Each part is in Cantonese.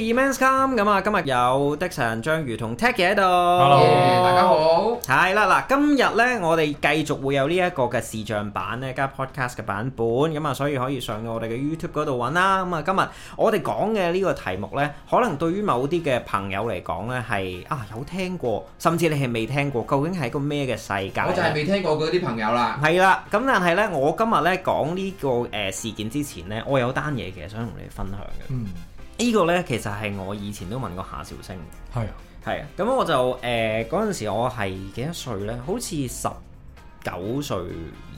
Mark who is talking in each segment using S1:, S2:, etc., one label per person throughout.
S1: Men's come 咁啊！今日有的神章魚同 Tecki 喺度。Hello，大家好。係啦嗱，今日咧我哋繼續會有呢一個嘅視像版咧加 podcast 嘅版本，咁啊，所以可以上到我哋嘅 YouTube 嗰度揾啦。咁啊，今日我哋講嘅呢個題目咧，可能對於某啲嘅朋友嚟講咧係啊有聽過，甚至你係未聽過，究竟係一個咩嘅世界？我就係未聽過嗰啲朋友啦。係啦，咁但係咧，我今日咧講呢個誒事件之前咧，我有單嘢其實想同你分享嘅。嗯。呢個呢，其實係我以前都問過夏兆星，係啊，係啊，咁我就誒嗰陣時我係幾多歲呢？好似十九歲、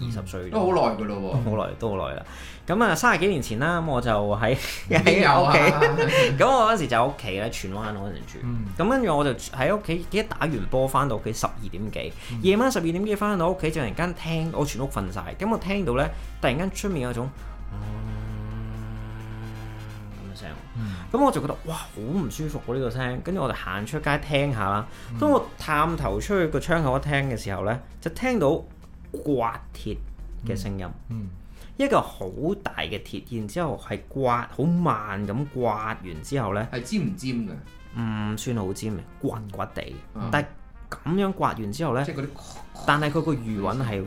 S1: 二十歲、嗯、都好耐嘅咯喎，好耐、嗯、都好耐啦。咁啊三十幾年前啦，咁我就喺喺屋企，咁我嗰陣時就喺屋企咧，荃灣嗰陣住。咁跟住我就喺屋企，記得打完波翻到屋企十二點幾，夜、嗯、晚十二點幾翻到屋企，就突然間聽我全屋瞓晒。咁我聽到呢，突然間出面有種。嗯嗯嗯，咁我就覺得哇，好唔舒服喎、啊！呢個聲，跟住我就行出街聽下啦。嗯、當我探頭出去個窗口一聽嘅時候呢，就聽到刮鐵嘅聲音，嗯。
S2: 嗯，
S1: 一個好大嘅鐵，然之後係刮，好慢咁刮完之後呢，係尖唔尖嘅？唔、嗯、算好尖嘅，滑滑地。嗯、但係咁樣刮完之後呢。即係嗰啲。但係佢個餘韻係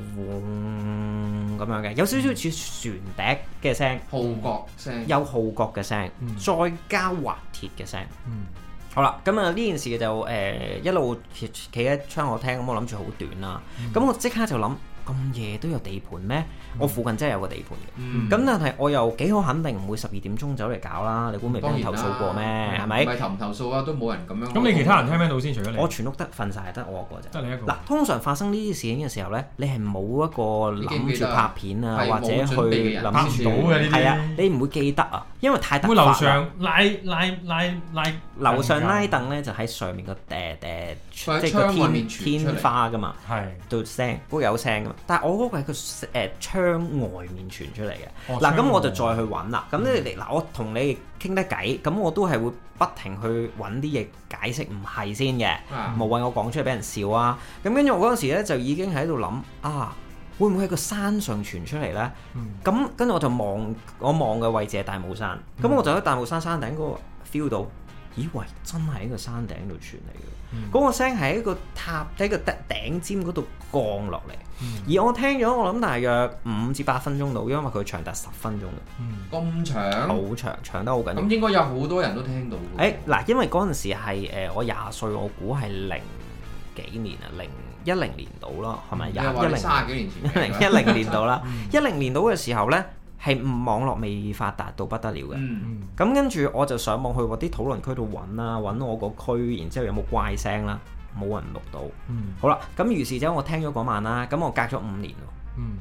S1: 咁樣嘅，有少少似船笛嘅聲，號、嗯、角聲有號角嘅聲，嗯、再加滑鐵嘅聲。嗯，好啦，咁啊呢件事就誒、呃、一路企喺窗口聽，咁我諗住好短啦，咁、嗯、我即刻就諗。咁夜都有地盤咩？我附近真係有個地盤嘅。咁但係我又幾好肯定唔會十二點鐘走嚟搞啦。你估未幫你投訴過咩？係咪？咪投唔
S3: 投訴啊？都冇人咁樣。咁你其他人聽唔聽到先？除
S1: 咗你，我全屋得瞓曬，得我一個啫。得你一個。嗱，通常發生呢啲事件嘅時候咧，你係冇一個諗住拍片啊，或者去諗住拍唔到嘅呢啲。係啊，你唔會記得啊，因為太突發啦。會樓上
S4: 拉拉拉拉樓上拉
S1: 凳咧，就喺上面個掟掟，即係個天天花噶嘛，係都聲都有聲噶嘛。但係我嗰個係個窗外面傳出嚟嘅。哦，嗱，咁我就再去揾啦。咁咧，嗱、嗯、我同你傾得偈，咁我都係會不停去揾啲嘢解釋唔係先嘅，無謂、嗯、我講出嚟俾人笑啊！咁跟住我嗰陣時咧，就已經喺度諗啊，會唔會喺個山上傳出嚟呢？咁跟住我就望我望嘅位置係大帽山，咁我就喺大帽山山頂嗰、嗰個 feel、嗯、到，咦？喂！真係喺個山頂度傳嚟嗰個聲係喺個塔喺個頂尖嗰度降落嚟，嗯、而我聽咗我諗大約五至八分鐘到，因為佢長達十分鐘
S3: 咁、嗯、長，好
S1: 長，長得好緊。咁應該有好多人都聽到嘅。嗱、欸，因為嗰陣時係我廿歲，我估係零幾年啊，零一零年到啦，係咪廿一零？卅幾年前。一零一零年到啦，一零年到嘅時候呢。係網絡未發達到不得了嘅，咁跟住我就上網去嗰啲討論區度揾啦，揾我個區，然之後有冇怪聲啦，冇人錄到。好啦，咁於是就我聽咗嗰晚啦，咁我隔咗五年，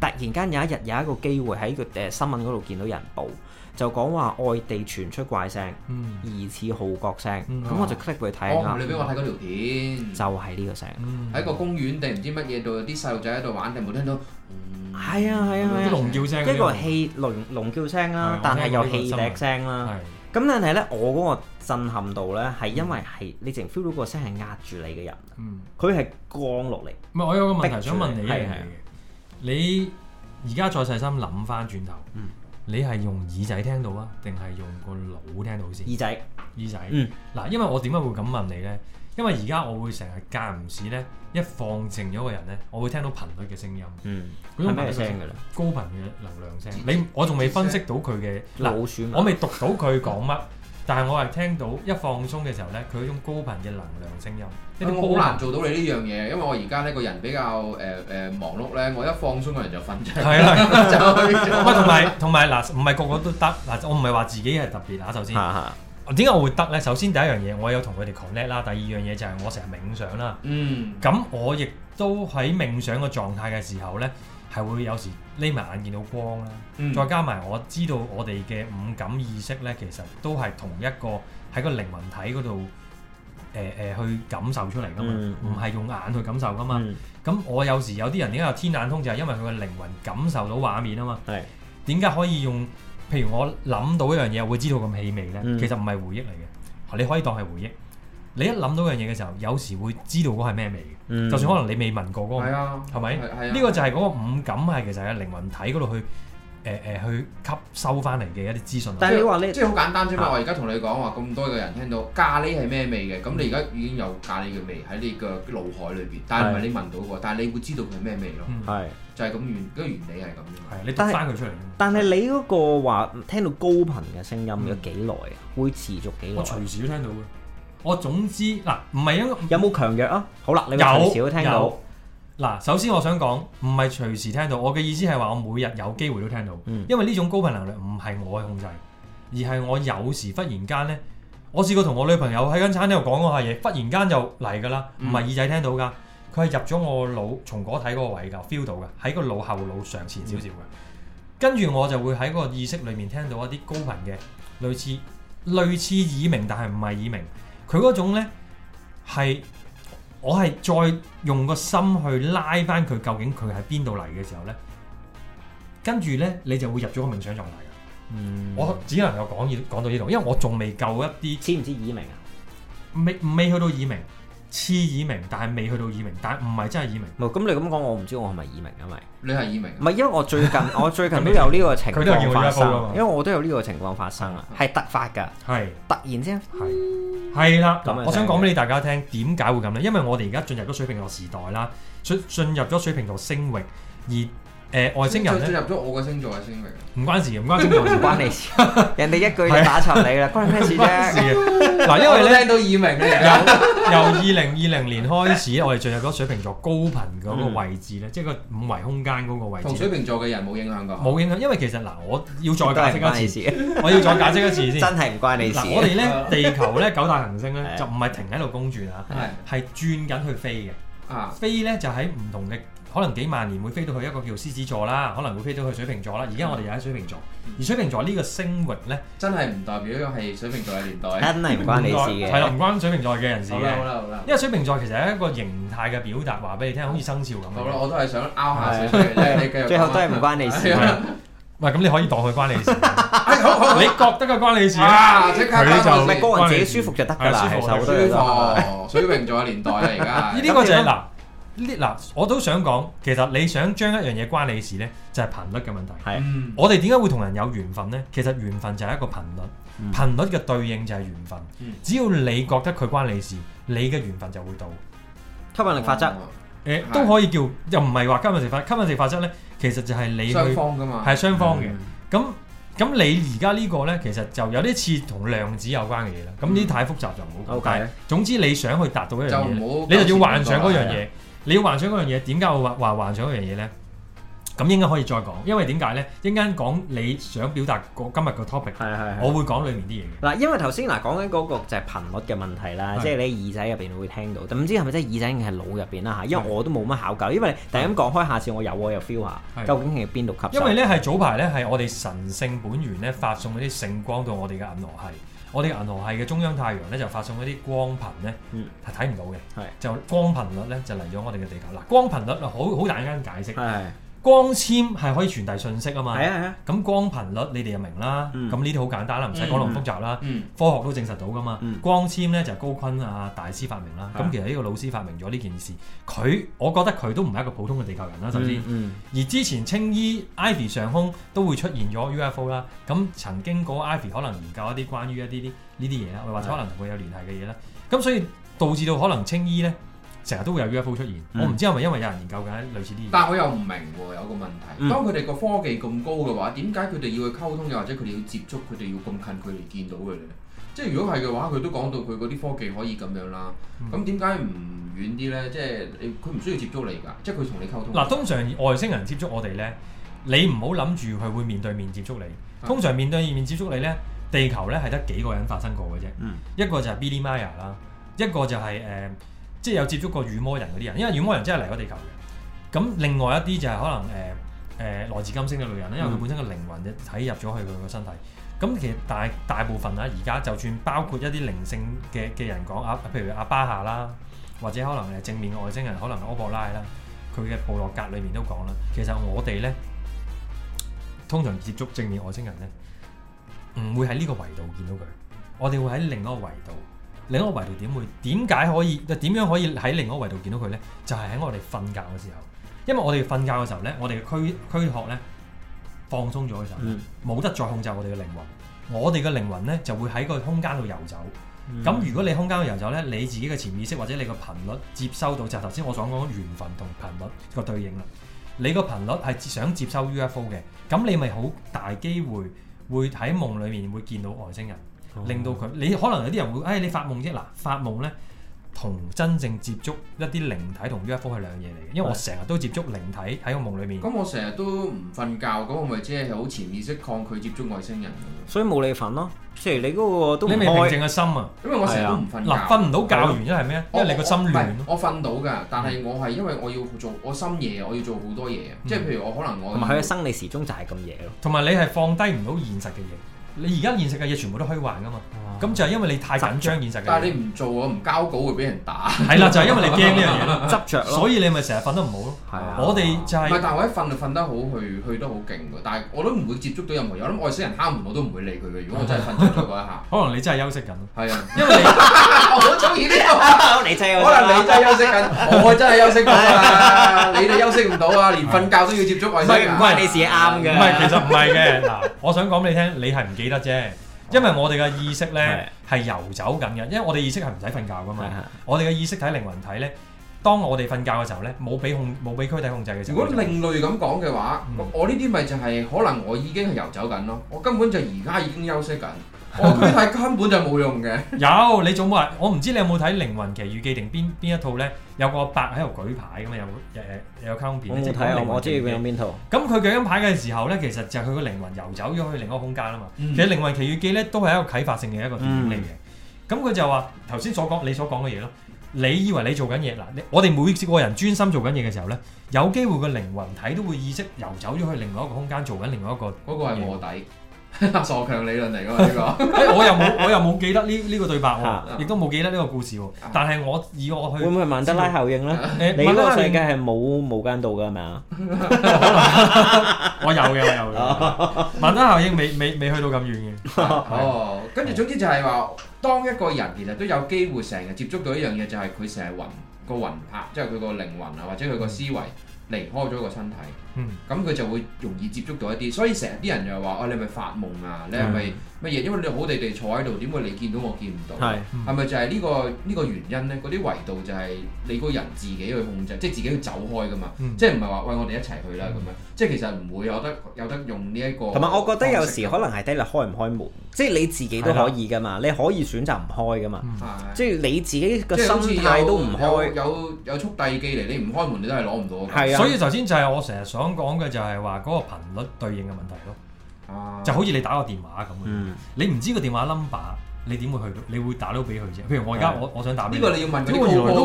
S1: 突然間有一日有一個機會喺個誒新聞嗰度見到人報，就講話外地傳出怪聲，疑似號角聲，咁我就 click 去睇下。你畀我邊個睇嗰條片，
S3: 就係呢個聲，喺個公園定唔知乜嘢度，有啲細路仔喺度玩，定冇聽到。係啊係
S1: 啊，啲啊。啊龍叫聲，跟住個氣龍叫聲啦、啊啊，但係有氣笛聲啦。咁但係呢，我嗰個震撼度呢，係因為係、嗯、你淨 feel 到個聲係壓住你嘅人，佢係降落嚟。唔係、嗯，我有個問題想問你，係、啊、你而家再細心諗翻轉頭，嗯、
S4: 你係用耳仔聽到啊，定係用個腦聽到先？耳仔，耳仔。嗯，嗱，因為我點解會咁問你呢？因為而家我會成日間唔時咧，一放靜咗個人咧，我會聽到頻率嘅聲音。嗯，
S2: 嗰種咩聲嘅咧？
S4: 高頻嘅能量聲。自你我仲未分析到佢嘅，嗱我未讀到佢講乜，但係我係聽到一放鬆嘅時候咧，佢嗰種高頻嘅能量聲音。嗯、
S3: 我好難做到你呢樣嘢，因為我而家呢個人比較誒誒、呃呃、忙碌咧，我一放鬆個人就瞓咗。係同埋
S4: 同埋嗱，唔係個個都得嗱，我唔係話自己係特別啊，首先。 點解我會得呢？首先第一樣嘢，我有同佢哋 connect 啦。第二樣嘢就係我成日冥想啦。嗯。咁我亦都喺冥想嘅狀態嘅時候呢，係會有時瞇埋眼見到光啦。嗯、再加埋我知道我哋嘅五感意識呢，其實都係同一個喺個靈魂體嗰度，誒、呃、誒、呃、去感受出嚟噶嘛。唔係、嗯、用眼去感受噶嘛。嗯。咁我有時有啲人點解有天眼通，就係因為佢嘅靈魂感受到畫面啊嘛。係是。點解可以用？譬如我諗到一樣嘢，我會知道咁氣味咧，嗯、其實唔係回憶嚟嘅，你可以當係回憶。你一諗到一樣嘢嘅時候，有時會知道嗰係咩味嘅，嗯、就算可能你未聞過嗰、嗰個，係咪、嗯？呢、啊、個就係嗰個五感，係其實喺靈魂體嗰度去。誒誒、呃，去吸收翻嚟嘅一啲資訊。但係你話
S3: 你，即係好簡單啫嘛！是我而家同你講話，咁多個人聽到咖喱係咩味嘅，咁你而家已經有咖喱嘅味喺你嘅腦海裏邊，但係唔係你聞到喎，是但係你會知道佢係咩味咯。係是，就係咁原個原理係咁樣。你讀翻佢出嚟。
S1: 但係你嗰個話聽到高頻嘅聲音有幾耐啊？嗯、會持續幾耐？我隨時都聽到嘅。嗯、我總之嗱，唔、啊、係因為有冇強弱啊？好啦，有有。有有嗱，
S4: 首先我想講，唔係隨時聽到，我嘅意思係話我每日有機會都聽到，嗯、因為呢種高頻能量唔係我控制，而係我有時忽然間呢，我試過同我女朋友喺間餐廳度講嗰下嘢，忽然間就嚟㗎喇，唔係耳仔聽到㗎，佢係入咗我腦，從果體嗰個位㗎，feel 到㗎，喺個腦後腦上前少少㗎，嗯、跟住我就會喺個意識裏面聽到一啲高頻嘅，類似類似耳鳴，但係唔係耳鳴，佢嗰種呢係。我係再用個心去拉返佢，究竟佢喺邊度嚟嘅時候咧，跟住咧你就會入咗個冥想狀態。嗯，嗯我只能夠講以講到呢度，因為我仲未夠一啲，似唔似耳鳴啊？未未去到耳鳴。似耳鳴，但係未去到耳鳴，但唔係真係耳鳴。
S1: 唔，咁你咁講，我唔知我係咪耳鳴啊？咪你係耳鳴？唔係，因為我最近 我最近都有呢個情況發生，因為我都有呢個情況發生啊，係 突發㗎，係 突然先係係
S4: 啦。我想講俾你大家聽，點解 會咁呢？因為我哋而家進入咗水瓶座時代啦，進入咗水瓶座星域。而。誒外星人咧，進入
S3: 咗我個星座嘅星名，唔關事，唔關星座事，唔關你事。人哋一句打沉你啦，關你咩事啫？嗱，因為咧聽到
S1: 耳鳴咧，
S4: 由二零二零年開始，我哋進入咗水瓶座高頻嗰個位置咧，即係個五維空間嗰個位置。同水瓶座
S3: 嘅人冇影響噶，冇
S4: 影響，因為其實嗱，我要再解釋一次，我要再解釋一次先，真係唔關你事。我哋咧地球咧九大行星咧就唔係停喺度公轉啊，係轉緊去飛嘅，飛咧就喺唔同嘅。可能幾萬年會飛到去一個叫獅子座啦，可能會飛到去水瓶座啦。而家我哋又喺水瓶座，而水瓶座呢個星域咧，真係
S3: 唔代表係水瓶座嘅年代，真係唔關你事嘅，係啦，唔
S4: 關水瓶座嘅人士嘅。因為水瓶座其實係一個形態嘅表達，話俾你聽，好似生肖咁樣。好啦，我都係想拗下水瓶，你繼續。最後都係唔關你事。
S3: 喂，咁你可以當佢關你
S4: 事，
S3: 你覺得佢關你事啦。佢就個人自己舒服就得㗎啦，舒服。水瓶座嘅年代啊，而家呢個就係嗱。我都想
S4: 講，其實你想將一樣嘢關你事呢，就係頻率嘅問題。係，我哋點解會同人有緣分呢？其實緣分就係一個頻率，頻率嘅對應就係緣分。只要你覺得佢關你事，你嘅緣分就會到。吸引力法則，都可以叫，又唔係話吸引力法吸引力法則呢，其實就係你去，雙方
S3: 嘅嘛，係雙方
S4: 嘅。咁咁，你而家呢個呢，其實就有啲似同量子有關嘅嘢啦。咁呢啲太複雜就唔好講。總之你想去達到一樣嘢，你就要幻想嗰樣嘢。你要幻想嗰樣嘢，點解我話話幻想嗰樣嘢咧？咁應該可以再講，因為點解咧？一陣間講你想
S1: 表達個今日個 topic，我會講裡面啲嘢。嗱，因為頭先嗱講緊嗰個就係頻率嘅問題啦，即係是的 你耳仔入邊會聽到，唔知係咪真係耳仔定係腦入邊啦嚇？因為我都冇乜考究，因為突然咁講開，下次我有我又 feel 下，究竟係邊度吸？是的 因為咧係
S4: 早排咧係我哋神性本源咧發送嗰啲聖光到我哋嘅銀河系。我哋銀河系嘅中央太陽咧，就發送一啲光頻咧，係睇唔到嘅，的就光頻率咧，就嚟咗我哋嘅地球。嗱，光頻率啊，好好大一間解釋。光纖係可以傳遞信息啊嘛，咁、啊、光頻率你哋又明啦，咁呢啲好簡單啦，唔使講咁複雜啦，嗯、科學都證實到噶嘛。嗯、光纖呢，就係、是、高錕啊大師發明啦，咁、啊、其實呢個老師發明咗呢件事，佢我覺得佢都唔係一個普通嘅地球人啦，首先、嗯嗯、而之前青衣 ivy 上空都會出現咗 UFO 啦，咁曾經嗰個 ivy 可能研究一啲關於一啲啲呢啲嘢啦，或者、嗯、可能同佢有聯繫嘅嘢啦，咁所以導致到可能青衣呢。成日都會有 UFO 出現，嗯、我唔知係咪因為有人研究緊
S3: 類似啲嘢。但係我又唔明喎，有一個問題，嗯、當佢哋個科技咁高嘅話，點解佢哋要去溝通，又或者佢哋要接觸，佢哋要咁近距離見到佢哋咧？即係如果係嘅話，佢都講到佢嗰啲科技可以咁樣啦。咁點解唔遠啲咧？即係佢唔需要接觸你㗎，即係佢同你溝通嗱、啊。
S4: 通常外星人接觸我哋咧，你唔好諗住佢會面對面接觸你。通常面對面接觸你咧，地球咧係得幾個人發生過嘅啫。嗯、一個就係 Billy Maya 啦，一個就係、是、誒。呃即係有接觸過預魔人嗰啲人，因為預魔人真係嚟咗地球嘅。咁另外一啲就係可能誒誒、呃呃、來自金星嘅女人，因為佢本身嘅靈魂就睇入咗去佢個身體。咁、嗯、其實大大部分啊，而家就算包括一啲靈性嘅嘅人講啊，譬如阿巴夏啦，或者可能誒正面外星人，可能歐博拉啦，佢嘅部落格裏面都講啦。其實我哋咧，通常接觸正面外星人咧，唔會喺呢個維度見到佢，我哋會喺另外一個維度。另一個維度點會？點解可以？點樣可以喺另一個維度見到佢呢？就係、是、喺我哋瞓覺嘅時候，因為我哋瞓覺嘅時候呢，我哋嘅軀軀殼呢放鬆咗嘅時候，冇、嗯、得再控制我哋嘅靈魂，我哋嘅靈魂呢，就會喺個空間度游走。咁、嗯、如果你空間度遊走呢，你自己嘅潛意識或者你嘅頻率接收到，就係頭先我所講嘅緣分同頻率個對應啦。你個頻率係想接收 UFO 嘅，咁你咪好大機會會喺夢裡面會見到外星人。令到佢，你可能有啲人會，哎，你發夢啫嗱，發夢咧同真正接觸一啲靈體同 UFO 係兩嘢嚟嘅，因為我成日都
S1: 接觸靈
S3: 體喺個夢裏面。咁我成日都唔瞓覺，咁我咪即係好潛意識抗拒接觸外星人，所以冇你份咯、啊。即係你嗰個都你未平靜
S1: 嘅心啊！因為我成日都唔瞓。嗱、呃，瞓唔到覺原因係咩？因為你個心亂、啊
S3: 我。我瞓到㗎，但係我係因為我要做，我深夜我要做好多嘢，嗯、即係譬如我可能我。同埋佢嘅
S1: 生理時鐘就係咁夜咯。
S4: 同埋你係放低唔到現實嘅嘢。你而家現實嘅嘢全部都虛幻噶嘛？咁就係因為你太緊張現實嘅。但係
S3: 你唔做我唔交稿會俾人打。係啦，就係因為你驚呢樣嘢，執着，所以你咪成日瞓得唔好咯。係啊，我哋就係。但係我喺瞓就瞓得好，去去得好勁㗎。但係我都唔會接觸到任何嘢。我諗外星人敲門我都唔會理佢嘅。如果我真係瞓咗嗰一下，可能你真係休息緊。係啊，因為你我好中意呢個。可能你真
S4: 係休息緊，我真係休息到啊。
S3: 你哋休息唔到啊，連瞓覺都要接觸外星人。係唔係，你事啱嘅。唔係，其實唔係嘅嗱，我想
S4: 講俾你聽，你係唔驚。記得啫，因為我哋嘅意識咧係游走緊嘅，因為我哋意識係唔使瞓覺㗎嘛。 我哋嘅意識體、靈魂體咧，當我哋瞓覺嘅時候咧，冇俾控、冇俾軀
S3: 體控制嘅時候，如果另類咁講嘅話，嗯、我呢啲咪就係可能我已經係游走緊咯，我根本就而家已經休息緊。我睇、哦、根本就冇用嘅 。
S4: 有，你做冇？我唔知你有冇睇《靈魂奇遇記》定邊邊一套咧？有個阿伯喺度舉牌嘅嘛，有誒誒有卡片，即係《靈魂奇遇記》。我中意邊套？咁佢舉緊牌嘅時候咧，其實就係佢個靈魂遊走咗去另一個空間啦嘛。其實《靈魂奇遇記》咧都係一個啟發性嘅一個電影嚟嘅。咁佢、嗯、就話頭先所講你所講嘅嘢咯。你以為你做緊嘢嗱，我哋每個人專心做緊嘢嘅時候咧，有機會個靈魂體都會意識遊走咗去另外一個空間做緊另外一個嗰個係臥底。
S1: 傻強理論嚟
S4: 㗎嘛呢個，我又冇我又冇記得呢呢個對白喎，亦都冇記得呢
S1: 個故事喎。
S4: 但係我以我去會唔會係曼德拉效應咧？欸、你你個世
S1: 界係冇無間道㗎係咪啊？
S3: 我有嘅，我有嘅。曼德拉效應未未未，未去到咁遠嘅。哦，跟住總之就係、是、話，當一個人其實都有機會成日接觸到一樣嘢，就係佢成日魂、嗰個魂魄，即係佢個靈魂啊，或者佢個思維離開咗個身體。嗯，咁佢就會容易接觸到一啲，所以成日啲人又話，哦，你係咪發夢啊？啊，你係咪乜嘢？因為你好地地坐喺度，點會你見到我見唔到？係、啊，係咪就係呢、呢個呢、呢個原因咧？嗰啲維度就係你個人自己去控制，即係自己去走開噶嘛，嗯、即係唔係話喂我哋一齊去啦咁樣？嗯、即係其實唔會有得有得用呢一個。同埋我覺得有時
S1: 可能係睇你開唔開門，即係你自己都可以噶嘛，啊、你可以選擇唔開噶嘛，嗯、即係你自己
S3: 個心態都唔開，有有，有，有，有，有，有，有，有速遞寄嚟，你唔開門你都係攞唔到。啊、所以頭
S4: 先就係我成日講講嘅就係話嗰個頻率對應嘅問題咯，就好似你打個電話咁，你唔知個電話 number，你點會去到？你會打到俾佢啫。譬如我而家我我想打畀你，呢個你要問，我冇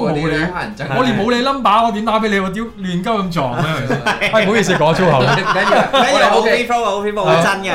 S4: 我連冇你 number，我點打俾你？我屌亂鳩咁撞咩？唔好意思講粗口。緊要！假如我 O P F O P F，我真
S3: 嘅，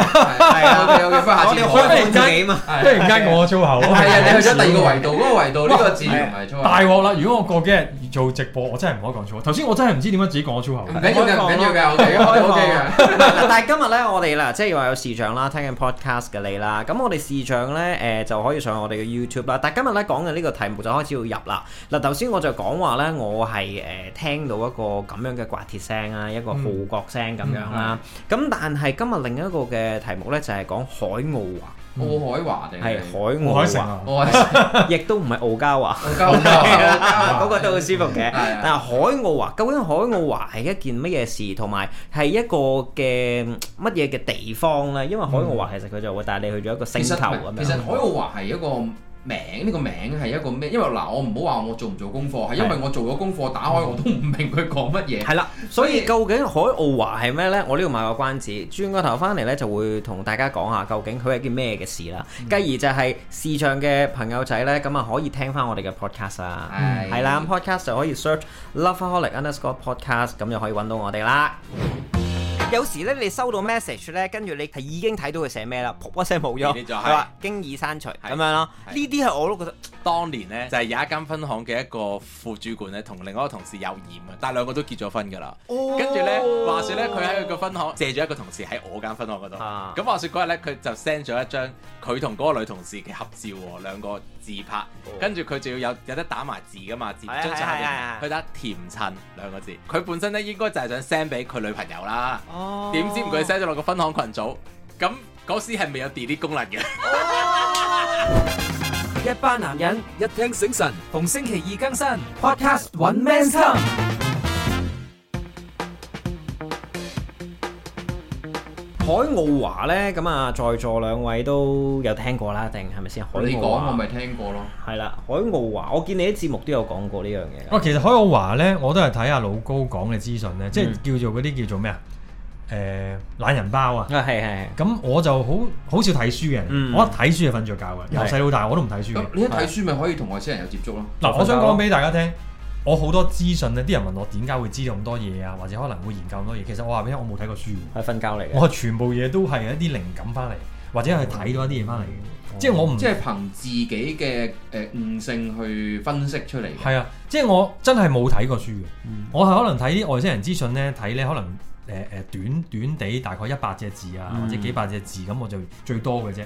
S3: 我開半間啊，忽然間講咗粗口。係啊，你去咗第二個維度，嗰個維度呢個字唔係粗。大
S4: 鑊
S1: 啦！如果我過幾日做直
S4: 播我真係唔可以講粗口。頭先我真係唔知點解自己講
S3: 咗粗口。緊要緊要
S1: 嘅，O K O K 嘅。但係今日咧，我哋啦，即係話有視像啦，聽緊 podcast 嘅你啦。咁我哋視像咧，誒就可以上我哋嘅 YouTube 啦。但係今日咧講嘅呢個題目就開始要入啦。嗱，頭先我就講話咧，我係誒聽到一個咁樣嘅刮鐵聲啦，一個號角聲咁樣啦。咁但係今日另一個嘅題目咧，就係講海奧華。澳海華定係海奧華，亦都唔係澳加華，嗰個都好舒服嘅。但係海奧華，究竟海奧華係一件乜嘢事，同埋係一個嘅乜嘢嘅地方呢？因為海奧華其實
S3: 佢就會帶你去咗一個星球咁樣，嗯。其實海奧華係一個名呢個名係一個咩？因為嗱，我唔好話我做唔做功課，係因為我做咗功課，打開我都唔明佢講乜嘢。係啦，
S1: 所以究竟海奧華係咩咧？我呢度賣個關子，轉個頭翻嚟咧就會同大家講下究竟佢係一件咩嘅事啦。繼而就係視像嘅朋友仔咧，咁啊，可以聽翻我哋嘅 podcast 啊，係啦，podcast 就可以 search lovaholic underscore podcast，咁就可以揾到我哋啦。有時咧，你收到 message 咧，跟住你係已經睇到佢寫咩啦，噗一聲冇咗，佢話經已刪除咁是樣咯。
S3: 呢啲係我都覺得，當年咧就係、是、有一間分行嘅一個副主管咧，同另外一個同事有染啊，但係兩個都結咗婚㗎啦。跟住咧話說咧，佢喺佢個分行借咗一個同事喺我間分行嗰度。咁、啊、話說嗰日咧，佢就 send 咗一張佢同嗰個女同事嘅合照喎，兩個。自拍，跟住佢仲要有有得打埋字㗎嘛，字出晒嚟，佢打甜襯兩個字，佢本身咧應該就係想 send 俾佢女朋友啦，點、oh. 知唔佢 send 咗落個分行群組，咁嗰時係未有 delete 功能嘅，oh. 一班男人一聽醒神，逢星期二更新 Podcast 搵 Men's Come
S1: 海奧華咧，咁啊，在座兩位都有聽過啦，定係咪先？海奧華你講我咪聽過咯。係啦，海奧華，我見你啲節目都有講過呢樣嘢。哇，其實海奧華咧，我都係睇下老高講嘅資訊
S4: 咧，即係叫做嗰啲叫做咩啊？誒、呃，懶人包啊！啊，係係係。咁我就好好少睇書嘅，我一睇書就瞓咗覺嘅。由細到大我都唔睇書嘅。你一睇書咪可以同外星人有接觸咯。嗱、嗯，我想講俾大家聽。我好多資訊咧，啲人問我點解會知道咁多嘢啊，或者可能會研究咁多嘢。其實我話俾你，我冇睇過書嘅，係瞓覺嚟。我全部嘢都係一啲靈感翻嚟，或者係睇到一啲嘢翻嚟嘅。嗯、即係我唔即係
S3: 憑自己嘅誒悟性去分析出嚟。
S4: 係啊、哦，即係我真係冇睇過書嘅。嗯、我係可能睇啲外星人資訊咧，睇咧可能誒誒短短地大概一百隻字啊，嗯、或者幾百隻字咁，我就最多嘅啫。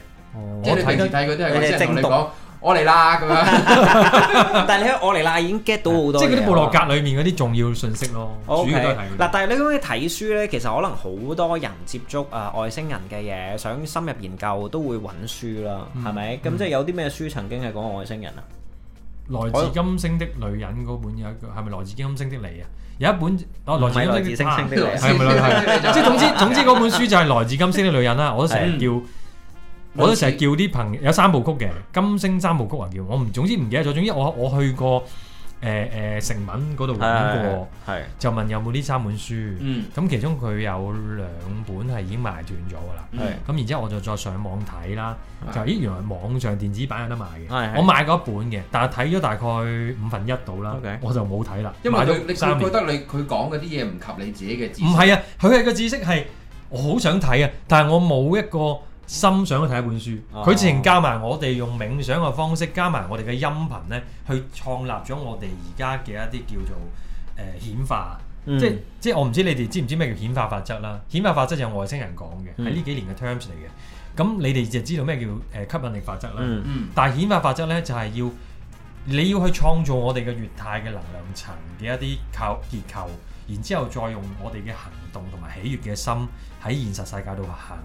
S4: 即係你平時睇嗰
S3: 啲，佢先同你講。我嚟啦咁
S1: 啊！但係你喺我嚟啦，已經 get 到好多，即係嗰啲部落格
S4: 裏面嗰啲重要信息咯。主要都係，O K，嗱，
S1: 但係你講起睇書咧，其實可能好多人接觸啊外星人嘅嘢，想深入研究都會揾書啦，係咪？咁即係有啲咩書曾經係講外星人啊？
S4: 來自金星的女人嗰本，有一個係咪來自金星的你啊？有一本哦來自金星的女係咪啦？即係總之總之嗰本書就係來自金星的女人啦！我都成日叫。我都成日叫啲朋友有三部曲嘅金星三部曲啊，叫我唔，總之唔記得咗。總之我我去過誒誒、呃呃、誠品嗰度搵過，就問有冇呢三本書。嗯，咁其中佢有兩本係已經賣斷咗噶啦。咁、嗯、然之後我就再上網睇啦，的就咦原來網上電子版有得賣嘅。的我買過一本嘅，但係睇咗大概五分一度啦，Okay 我就冇睇啦。因為佢你唔覺得
S3: 你佢講嘅啲嘢唔及你自己嘅知識？唔係啊，
S4: 佢係個知識係，我好想睇啊，但係我冇一個。心想去睇一本書，佢之前加埋我哋用冥想嘅方式，加埋我哋嘅音頻咧，去創立咗我哋而家嘅一啲叫做誒顯、呃、化，
S2: 嗯、
S4: 即即我唔知你哋知唔知咩叫顯化法則啦？顯化法則就外星人講嘅，喺呢、嗯、幾年嘅 terms 嚟嘅。咁你哋就知道咩叫誒吸引力法則啦。嗯嗯但係顯化法則咧就係要你要去創造我哋嘅乙太嘅能量層嘅一啲構結構，然之後再用我哋嘅行動同埋喜悅嘅心喺現實世界度行。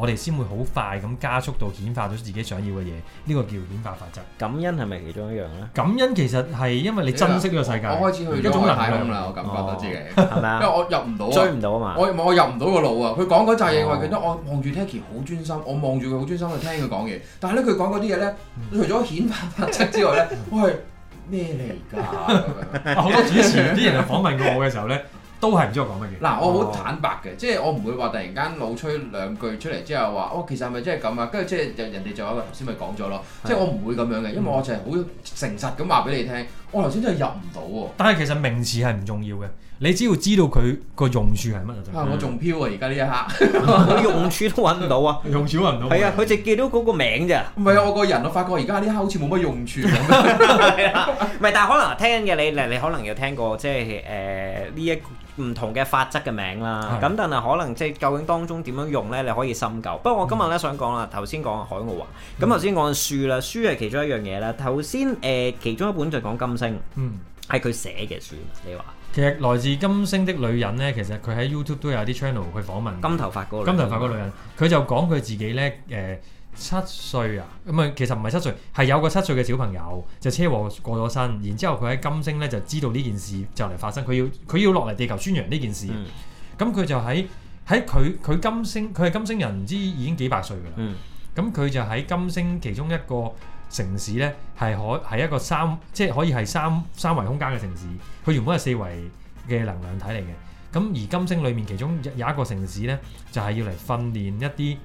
S4: 我哋先會好快咁加速到顯化到自己想要嘅嘢，呢、這個叫顯化法則。感恩係咪其中一樣咧？感恩其實係因為你珍惜呢個世界。我開始去一種太啦，我感覺到自己係咪、哦、因為我入唔、啊、到追唔到啊嘛！我我
S3: 入唔到個腦啊！佢講嗰扎嘢，哦、我記得我望住 Tecki 好專心，我望住佢好專心去聽佢講嘢。但係咧，佢講嗰啲嘢咧，除咗顯化法則之外咧，喂咩嚟㗎？好多主持啲人訪問過我嘅時候咧。都係唔知我講乜嘢。嗱，我好坦白嘅，即係我唔會話突然間老吹兩句出嚟之後話，哦，其實係咪真係咁啊？跟住即係人，人哋就喺度頭先咪講咗咯。的即係我唔會咁樣嘅，因為我就係好誠實咁話俾你聽。嗯、我頭先真係入唔到喎。
S4: 但係其實名詞係唔重要嘅，你只要知道佢、啊、 個用處係乜就。我仲
S3: 飄啊！而家呢一刻，佢用處都揾唔到啊！用處揾
S1: 唔到。係啊，佢就見到嗰個名啫。
S3: 唔係啊！我個人我發覺而家呢刻好似冇乜用處，
S1: 係啊，唔係，但係可能聽嘅你，你可能有聽過即係誒呢一。唔同嘅法則嘅名啦，咁是但係可能即係究竟當中點樣用呢？你可以深究。不過我今日咧、嗯、想講啦，頭先講海奧華，咁頭先講書啦，書係其中一樣嘢啦。頭先誒其中一本就講金星，嗯，係佢寫嘅書。你話
S2: 其實
S4: 來自金星的女人呢？其實佢喺 YouTube 都有啲 channel 去訪問金頭髮個金頭髮個女人，佢、嗯、就講佢自己呢。誒、呃。七歲啊，咁啊，其實唔係七歲，係有個七歲嘅小朋友就車禍過咗身，然之後佢喺金星咧就知道呢件事就嚟發生，佢要佢要落嚟地球宣揚呢件事，咁佢、嗯、就喺喺佢佢金星，佢係金星人，唔知已經幾百歲噶啦，咁佢、嗯、就喺金星其中一個城市咧係可係一個三即係、就是、可以係三三維空間嘅城市，佢原本係四維嘅能量體嚟嘅，咁而金星裏面其中有一個城市咧就係、是、要嚟訓練一啲。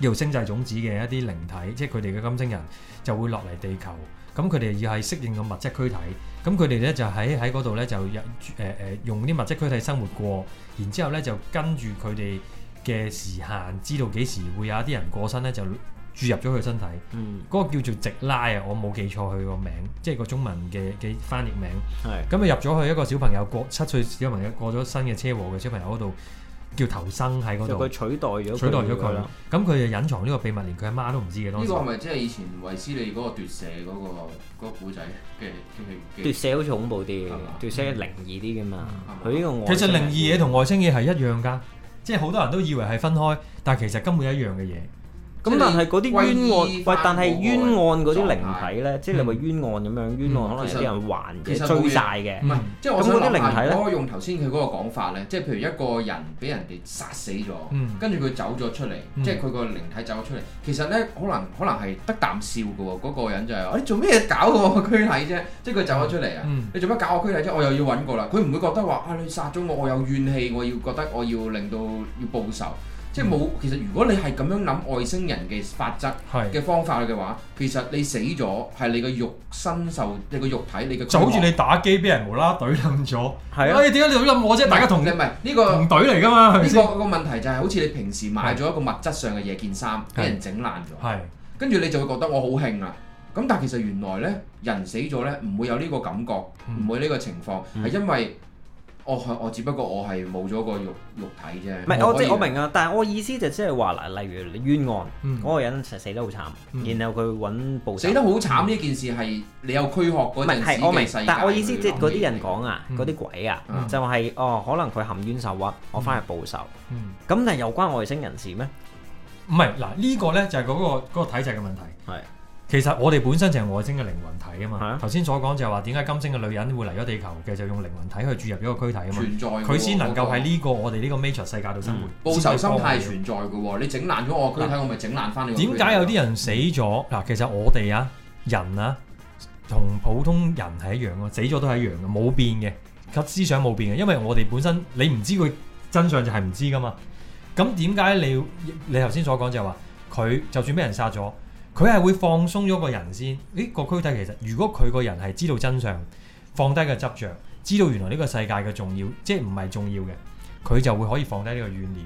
S4: 要星際種子嘅一啲靈體，即係佢哋嘅金星人就會落嚟地球，咁佢哋要係適應個物質軀體，咁佢哋咧就喺喺嗰度咧就入誒誒用啲物質軀體生活過，然之後咧就跟住佢哋嘅時限，知道幾時會有一啲人過身咧，就注入咗佢身體。嗯，嗰個叫做直拉啊，我冇記錯佢個名，即係個中文嘅嘅翻譯名。係，咁啊入咗去一個小朋友過七歲小朋友過咗身嘅車禍嘅小朋友嗰度，叫投生喺嗰度，取
S3: 代咗取代咗佢啦。
S4: 咁佢就隱藏
S1: 呢個秘密，連佢阿媽都唔知嘅。呢個係咪即
S3: 係以前維斯利嗰個奪舍嗰、嗰個古仔嘅？嗰個、奪舍
S1: 好似恐怖啲，吧奪舍靈異啲㗎嘛。佢呢吧個其實靈異
S4: 嘢同外星嘢係一樣㗎，即係好多人都以為係分開，但係其實根本一樣嘅嘢。
S3: 咁但係嗰啲冤案，喂！但係
S1: 冤案嗰啲靈體咧，即係你咪冤案咁樣，冤案可能有人還嘅，罪債嘅。唔係，即係我想問，如果可以
S3: 用頭先佢嗰個講法咧，即係譬如一個人俾人哋殺死咗，跟住佢走咗出嚟，即係佢個靈體走咗出嚟。其實咧，可能可能係得啖笑㗎喎，嗰個人就係話：你做咩搞我個軀體啫？即係佢走咗出嚟啊！你做乜搞我軀體啫？我又要揾過啦。佢唔會覺得話：啊，你殺咗我，我有怨氣，我要覺得我要令到要報仇。即係冇，其實如果你係咁樣諗外星人嘅法則嘅方法嘅話，其實你死咗係你個肉身受你個肉體你嘅就好似你打機俾人無啦啦隊冧咗，係啊，誒點解你隊冧我即係？大家同你唔係呢個隊嚟㗎嘛？呢個個問題就係好似你平時買咗一個物質上嘅嘢，件衫俾人整爛咗，係跟住你就會覺得我好㷫啊！咁但係其實原來咧人死咗咧唔會有呢個感覺，唔會呢個情況係因為。我我只不過我係冇咗個肉肉體啫。唔係，我即係我明
S1: 啊，但係我意思就即係話嗱，例如冤案，嗰個人實死得好慘，然後佢揾報仇。死得
S3: 好慘呢件事係你有軀
S1: 殼嗰陣時嘅。但係我意思即係嗰啲人講啊，嗰啲鬼啊，就係哦，可能佢含冤受屈，我翻去報仇。咁但係有關外星人事咩？唔係
S4: 嗱，呢個咧就係嗰個嗰個體制嘅問題。係。其實我哋本身就係外星嘅靈魂體啊嘛，頭先、啊、所講就係話點解金星嘅女人會嚟咗地球嘅，就用靈魂體去注入咗個軀體啊嘛，佢先能夠喺呢、這個的我哋呢個 Matrix 世界度生活。報仇、嗯、心態存
S3: 在嘅喎，你整爛咗我軀體，但我咪整爛翻你。點解
S4: 有啲人死咗嗱？其實我哋啊，人啊，同普通人係一樣咯，死咗都係一樣，冇變嘅，及思想冇變嘅，因為我哋本身你唔知佢真相就係唔知噶嘛。咁點解你你頭先所講就係話佢就算俾人殺咗？佢係會放鬆咗個人先，呢個軀體其實，如果佢個人係知道真相，放低個執着，知道原來呢個世界嘅重要，即係唔係重要嘅，佢就會可以放低呢個怨念。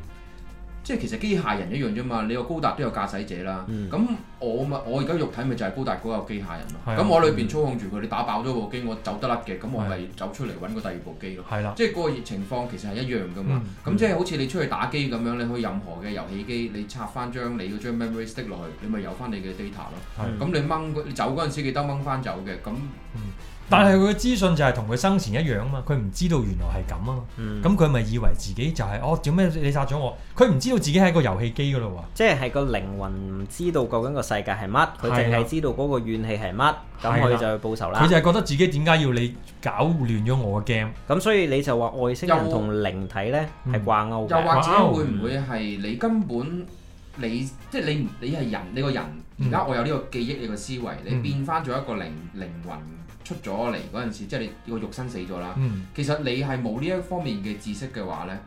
S3: 即係其實機械人一樣啫嘛，你個高達都有駕駛者啦。咁、嗯、我咪我而家肉體咪就係高達嗰個機械人咯。咁的我裏邊操控住佢，嗯、你打爆咗部機，我走得甩嘅，咁我咪走出嚟搵個第二部機咯。的即係個情況其實係一樣噶嘛。咁、嗯、即係好似你出去打機咁樣，你可以任何嘅遊戲機，你插翻張你嗰張 memory stick 落去，你咪有翻你嘅 data 咯。係的。咁、嗯、你掹你走嗰陣時，記得掹翻走嘅。咁、嗯。
S4: 但係佢嘅資訊就係同佢生前一樣啊嘛，佢唔知道原來係咁啊嘛，咁佢咪以
S1: 為自己就係、
S4: 是、哦，做咩你殺咗我？佢唔知道自己係一個遊戲機噶咯喎，即係個靈
S1: 魂唔知道究竟個世界係乜，佢淨係知道嗰個怨氣係乜，咁佢對、啊、就去報仇啦。佢就係覺
S4: 得自己點解要你搞亂咗我嘅 game？
S1: 咁所以你就話外星人同靈體呢係掛鈎又或者、嗯、會唔會
S3: 係你根本你即係、就是、你你係人，你個人而家我有呢個記憶，你個思維你變翻咗一個靈靈魂。出咗嚟嗰陣時，即係你個肉身死咗啦。其實你係冇呢一方面嘅知識嘅話咧，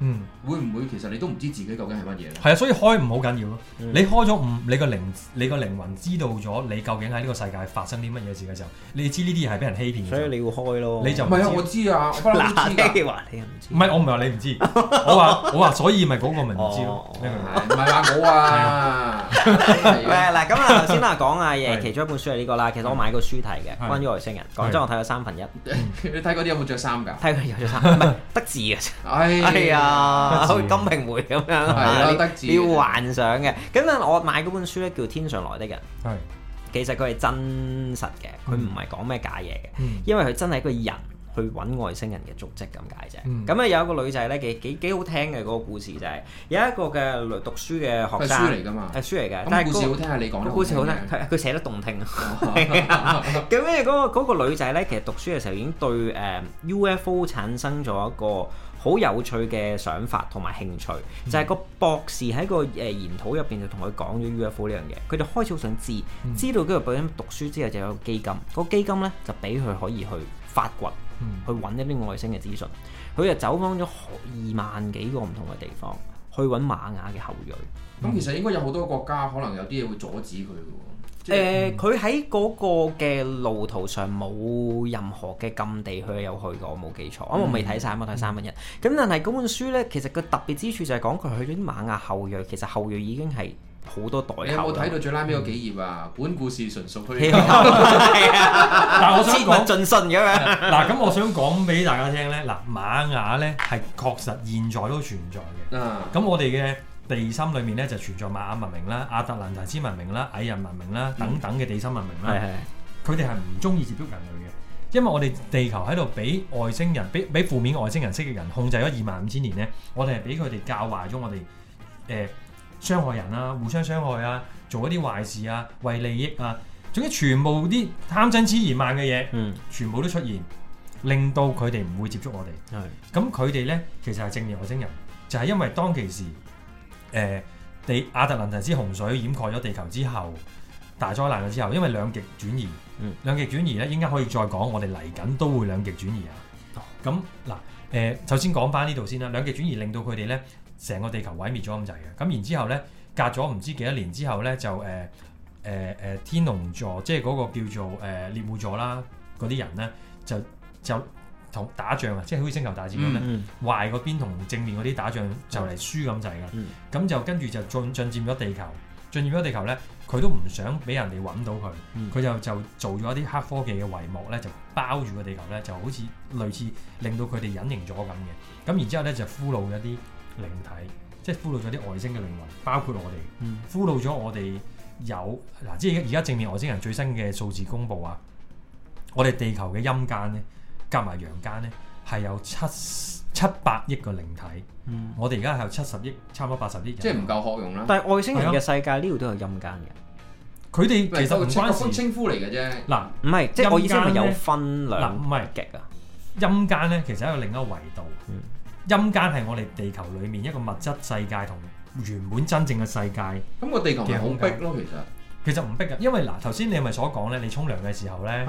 S3: 會唔會其實你都唔知自己究竟係乜嘢咧？
S4: 係啊，所以開唔好緊要咯。你開咗唔，你個靈，你個靈魂知道咗你究竟喺呢個世界發生啲乜嘢事嘅時候，你知呢啲嘢係俾人欺騙。所以你會開咯，你就唔係啊！我知
S3: 啊，我不能黐話你
S4: 唔知。唔係我唔係話你唔知，
S1: 我話我話，所以咪講個名招，明
S3: 唔明？唔係話我啊。嗱咁啊！頭先啊，
S1: 講啊其中一本書係呢個啦。其實我買過書睇嘅，關於外星人所以我睇咗三分一，
S3: 嗯、你睇嗰啲有冇着衫噶？睇佢有着衫，唔係 得字啊！ 哎呀，好似《金瓶梅》咁樣，係啊， 得字要幻
S1: 想嘅。咁啊，我買嗰本書咧叫《天上來的人》是，係，其實佢係真實嘅，佢唔係講咩假嘢嘅，嗯、因為佢真係一個人。去揾外星人嘅足跡咁解啫。咁啊，有一個女仔呢，幾幾幾好聽嘅嗰個故事就係有一個嘅讀書嘅學生，係書嚟㗎嘛，係書嚟㗎。個故事好聽係你講，故事好聽佢寫得動聽。咁咧，嗰個女仔呢，其實讀書嘅時候已經對誒 UFO 產生咗一個好有趣嘅想法同埋興趣。就係個博士喺個誒研討入邊就同佢講咗 UFO 呢樣嘢，佢就開始好想知，知道。跟住本身讀書之後就有個基金，個基金呢，就俾佢可以去發掘。去揾一啲外星嘅資訊，佢就走訪咗二萬幾個唔同嘅地方去揾瑪雅嘅後裔。咁、嗯、其實應
S3: 該有好多國家可能有啲嘢會阻止佢嘅
S1: 喎。佢喺嗰個嘅路途上冇任何嘅禁地，佢有去過，我冇記錯。啊、嗯，我未睇晒。我睇三分一。咁、嗯嗯、但係嗰本書呢，其實個特別之處就係講佢去咗啲瑪雅後裔，其實後裔已經係。好多代口，有冇睇到最拉尾嗰幾頁啊？嗯、本故事純屬虛構，係 我
S3: 想講進身嘅咩？嗱，咁我想
S4: 講俾大家聽咧。嗱，瑪雅咧係確實現在都存在嘅。咁、啊、我哋嘅地心裏面咧就存在瑪雅文明啦、亞特蘭提斯文明啦、矮人文明啦等等嘅地心文明啦。佢哋係唔中意接觸人類嘅，因為我哋地球喺度俾外星人，俾俾負面外星人式嘅人控制咗二萬五千年咧。我哋係俾佢哋教壞咗我哋誒。呃傷害人啊，互相傷害啊，做一啲壞事啊，為利益啊，總之全部啲貪嗔痴疑慢嘅嘢，嗯，全部都出現，令到佢哋唔會接觸我哋。係是，咁佢哋咧其實係正面外星人，就係、是、因為當其時，誒、呃、地亞特蘭提斯洪水掩蓋咗地球之後，大災難咗之後，因為兩極轉移，嗯、兩極轉移咧，應該可以再講，我哋嚟緊都會兩極轉移啊。咁嗱、哦，誒、呃，首先講翻呢度先啦，兩極轉移令到佢哋咧。成個地球毀滅咗咁滯嘅，咁然之後咧，隔咗唔知幾多年之後咧，就誒誒誒天龍座，即係嗰個叫做誒獵戶座啦，嗰啲人咧就就同打仗啊，即係好似星球大戰咁咧，壞嗰邊同正面嗰啲打仗，嗯嗯就嚟輸咁滯嘅，咁、嗯嗯、就跟住就進進佔咗地球，進佔咗地球咧，佢都唔想俾人哋揾到佢，佢、嗯嗯、就就做咗一啲黑科技嘅帷幕咧，就包住個地球咧，就好似類似令到佢哋隱形咗咁嘅，咁然之後咧就俘虜一啲。靈體，即係俘虜咗啲外星嘅靈魂，包括我哋，嗯、俘虜咗我哋有嗱，即係而家正面外星人最新嘅數字公佈啊！我哋地球嘅陰間咧，夾埋陽間咧，係有七七百億個靈體。我哋而家係有七十億，差唔多八十億人。即係唔夠學用啦。但係外星人嘅世
S1: 界呢度對、啊、都有陰間嘅。
S3: 佢哋其實唔關事。分稱呼嚟嘅啫。嗱，
S4: 唔係即係我意思係有分量，唔係極啊。陰間咧其實係一個另一個維度。嗯陰間係我哋地球裏面一個物質世界同原本真正嘅世界，咁個地球係好逼咯。其實其實唔逼㗎，因為嗱頭先你咪所講咧，你沖涼嘅時候咧，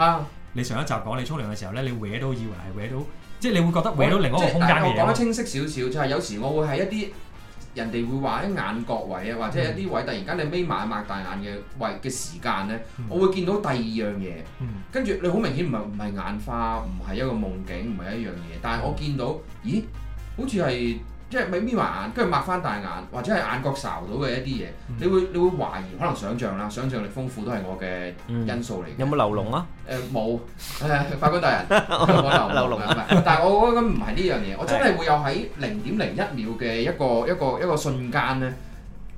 S4: 你上一集講你沖涼嘅時候咧，你搲都以
S3: 為係搲到，即係你會覺得搲到另一個空間嘅嘢。但係我講得清晰少少，就係有時我會喺一啲人哋會話喺眼角位啊，或者係一啲位突然間你眯埋眼擘大眼嘅位嘅時間咧，我會見到第二樣嘢，跟住你好明顯唔係唔係眼花，唔係一個夢境，唔係一樣嘢，但係我見到咦？好似係即係咪眯埋眼，跟住擘翻大眼，或者係眼角睄到嘅一啲嘢，你會你會懷疑，可能想像啦，想像力豐富都係我嘅因素嚟。有冇流龍啊？誒冇誒，法官大人，我冇流龍啊！但係我覺得唔係呢樣嘢，我真係會有喺零點零一秒嘅一個一個一個瞬間咧，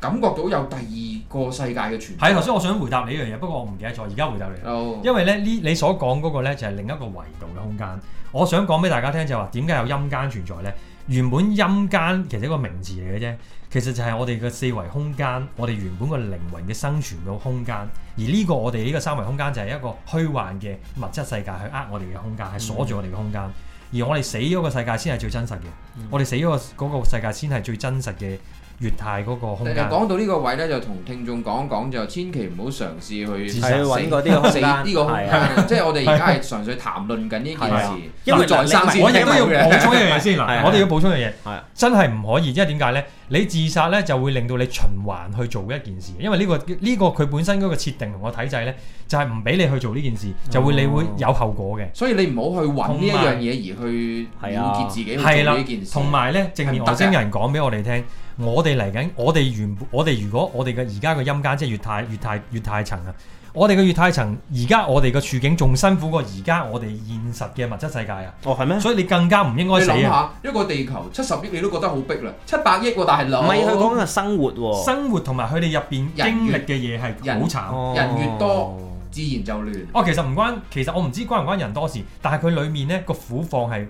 S3: 感覺到有第二個世界嘅存在。係頭
S4: 先我想回答你呢樣嘢，不過我唔記得咗，而家回答你。哦，因為咧呢你所講嗰個咧就係另一個維度嘅空間。我想講俾大家聽就係話，點解有陰間存在咧？原本陰間其實一個名字嚟嘅啫，其實就係我哋嘅四維空間，我哋原本個靈魂嘅生存嘅空間。而呢個我哋呢個三維空間就係一個虛幻嘅物質世界去呃我哋嘅空間，係、嗯、鎖住我哋嘅空間。而我哋死咗個世界先係最真實嘅，嗯、我哋死咗個嗰個
S3: 世界先係最真實嘅。越泰嗰個空間。講到呢個位咧，就同聽眾講講，就千祈唔好嘗試去死搵嗰啲空間。 的的即係我哋而家係純粹談論緊呢件事，的因為的再生先。我亦都要補充一樣嘢先。 是我哋要補充一樣嘢 的，真
S4: 係唔可以。因為點解咧？你自殺咧就會令到你循環去做一件事，因為呢、呢個呢、呢個佢本身嗰個設定同個體制咧，就係唔俾你去做呢件事，哦、就會你會有後果嘅。
S3: 所以你唔好去揾呢一樣嘢而去糾結自己做呢件事。同埋咧、啊啊啊、正如頭先有人
S4: 講俾我哋聽，是是我哋嚟緊，我哋原我哋如果我哋嘅而家嘅音間即係越太越太越太，越太沉啊！我哋嘅月太層，而家我哋嘅處境仲辛苦過而家我哋現實嘅物質世界啊！哦，係咩？所以你更加唔應該死啊！你諗下
S3: 一個地球七十億你都覺得好逼啦，七百億，但係諗唔係佢講
S1: 嘅生活喎、啊？
S4: 生活同埋佢哋入邊經歷嘅嘢係好慘人人，人越多、哦、自然就亂。哦，其實唔關，其實我唔知關唔關人多事，但係佢裡面咧，個苦況係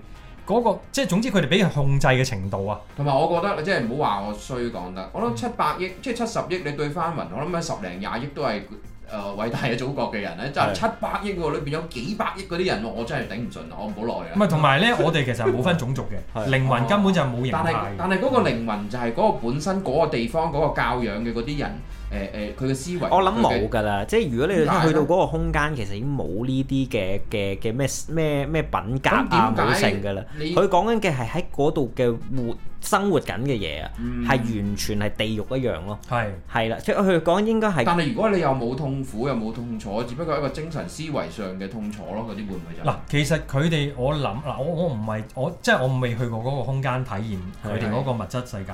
S4: 嗰、那個，即係總之佢哋俾人控制嘅程度啊。
S3: 同埋我覺得，你即係唔好話我衰講得，我諗七百億，嗯、即係七十億，你對翻文，我諗喺十零廿億都係。誒、呃、偉大嘅祖國嘅人咧，就係、七百億喎，裏邊有幾百億嗰啲人喎，我真係頂唔順啊！我唔好耐啊。
S4: 唔係，同埋咧，我哋其實冇分種族嘅， 靈魂根本就冇人是。但係，但
S3: 係嗰個靈魂就係嗰個本身嗰個地方嗰、嗰個教養嘅嗰啲人，誒、呃、誒，佢、呃、嘅思維。我諗冇㗎啦，
S1: 即係如果你去到嗰個空間，其實已經冇呢啲嘅嘅嘅咩咩咩品格性㗎啦。佢講緊嘅係喺嗰度嘅活。生活緊嘅嘢啊，係、嗯、完全係地獄一樣咯，係係啦，即係佢講應該係。但係如果
S3: 你又冇痛苦又冇痛楚，只不過係一個精神思維上嘅痛楚咯，嗰啲會唔會就是？嗱，
S4: 其實佢哋我諗，嗱，我我唔係我即係我未去過嗰個空間體驗佢哋嗰個物質世界。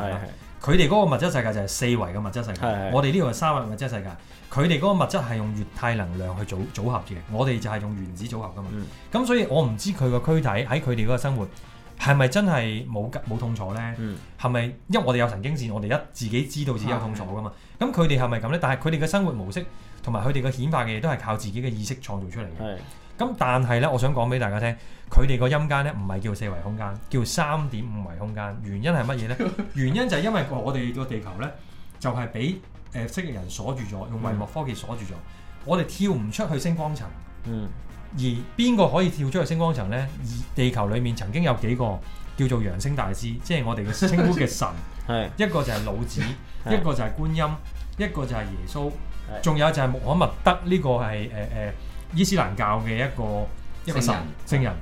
S4: 佢哋嗰個物質世界就係四維嘅物質世界，是是我哋呢度係三維物質世界。佢哋嗰個物質係用月太能量去組組合嘅，我哋就係用原子組合噶嘛。咁、嗯、所以我唔知佢個軀體喺佢哋嗰個生活，係咪真係冇冇痛楚呢？係咪？因為我哋有神經綫，我哋一自己知道自己有痛楚噶嘛。咁佢哋係咪咁呢？但係佢哋嘅生活模式同埋佢哋嘅顯化嘅嘢都係靠自己嘅意識創造出嚟嘅。咁但係呢，我想講俾大家聽，佢哋個陰間呢，唔係叫四維空間，叫三點五維空間。原因係乜嘢呢？原因就係因為我哋個地球呢，就係俾誒蜥蜴人鎖住咗，用帷幕科技鎖住咗。我哋跳唔出去星光層。而邊個可以跳出去星光層呢？而地球裡面曾經有幾個叫做揚升大師，即係我哋嘅稱呼嘅神。係 一個就係老子， 一個就係觀音， 一個就係耶穌，仲 有就係穆罕默德。呢、這個係誒誒伊斯蘭教嘅一個一個神聖人。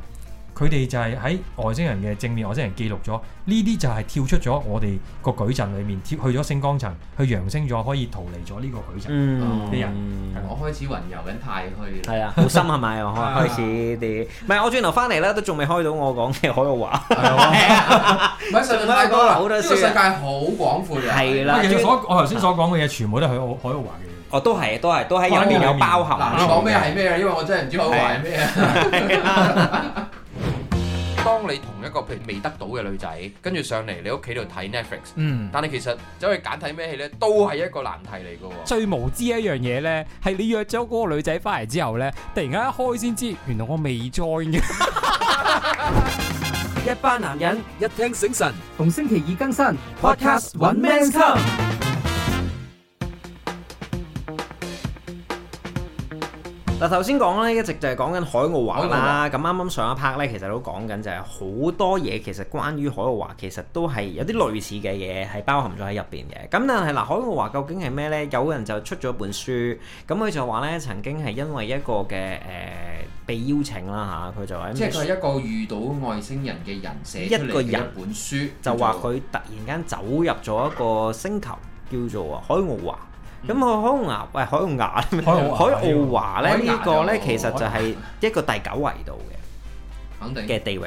S4: 佢哋就係喺外星人嘅正面，外星人記錄咗呢啲就係跳出咗我哋個矩陣裏面，跳去咗星光層，去揚升咗，可以逃離咗呢個矩陣。
S3: 啲人、嗯、的我開始雲遊緊太虛，係啊，
S1: 好深係咪？ 我開始啲唔係我轉頭翻嚟啦，都仲未開到我講嘅海奧華。
S3: 唔係、啊，實在太多啦，呢、啊這個世界好廣闊嘅。係啦，
S1: 我頭先所講嘅嘢全部都喺海海奧華嘅。哦、啊，都係，都係，都喺入面有包含、啊。你講咩係咩？因為我真係唔知海奧華係咩啊。
S3: 當你同一個譬如未得到嘅女仔跟住上嚟你屋企度睇 Netflix，嗯、但係其實走去揀睇咩戲咧，都係一個難題嚟嘅。最無知一
S4: 樣嘢咧，係你約咗嗰個女仔翻嚟之後咧，突然間一開先知，原來我未 join 嘅。 一班男人一聽醒神，
S1: 逢星期二更新 Podcast 揾 Men's Come。嗱，頭先講咧，一直就係講緊海奧華啦。咁啱啱上一 part 咧，其實都講緊就係好多嘢，其實關於海奧華，其實都係有啲類似嘅嘢係包含咗喺入邊嘅。咁但係嗱，海奧華究竟係咩咧？有人就出咗本書，咁佢就話咧，曾經係因為一個嘅誒、呃、被邀請啦吓，佢、啊、就話即係佢係一個
S3: 遇到外星人嘅人寫出嚟嘅一
S1: 本書，個人就話佢突然間走入咗一個星球叫做啊海奧華。咁海空牙，喂，海空牙，海奧華咧，呢個咧其實就係一個第九維度嘅嘅地域。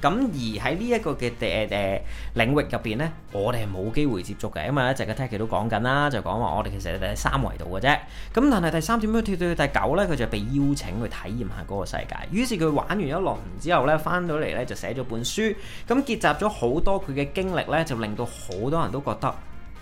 S1: 咁肯定 而喺呢一個嘅誒誒領域入邊咧，我哋係冇機會接觸嘅，因為一直嘅 Tecki 都講緊啦，就講話我哋其實係第，第三維度嘅啫。咁但係第三點樣跳到去第九咧，佢就被邀請去體驗下嗰個世界。於是佢玩完一輪之後咧，翻到嚟咧就寫咗本書，咁結集咗好多佢嘅經歷咧，就令
S3: 到好多人都覺得。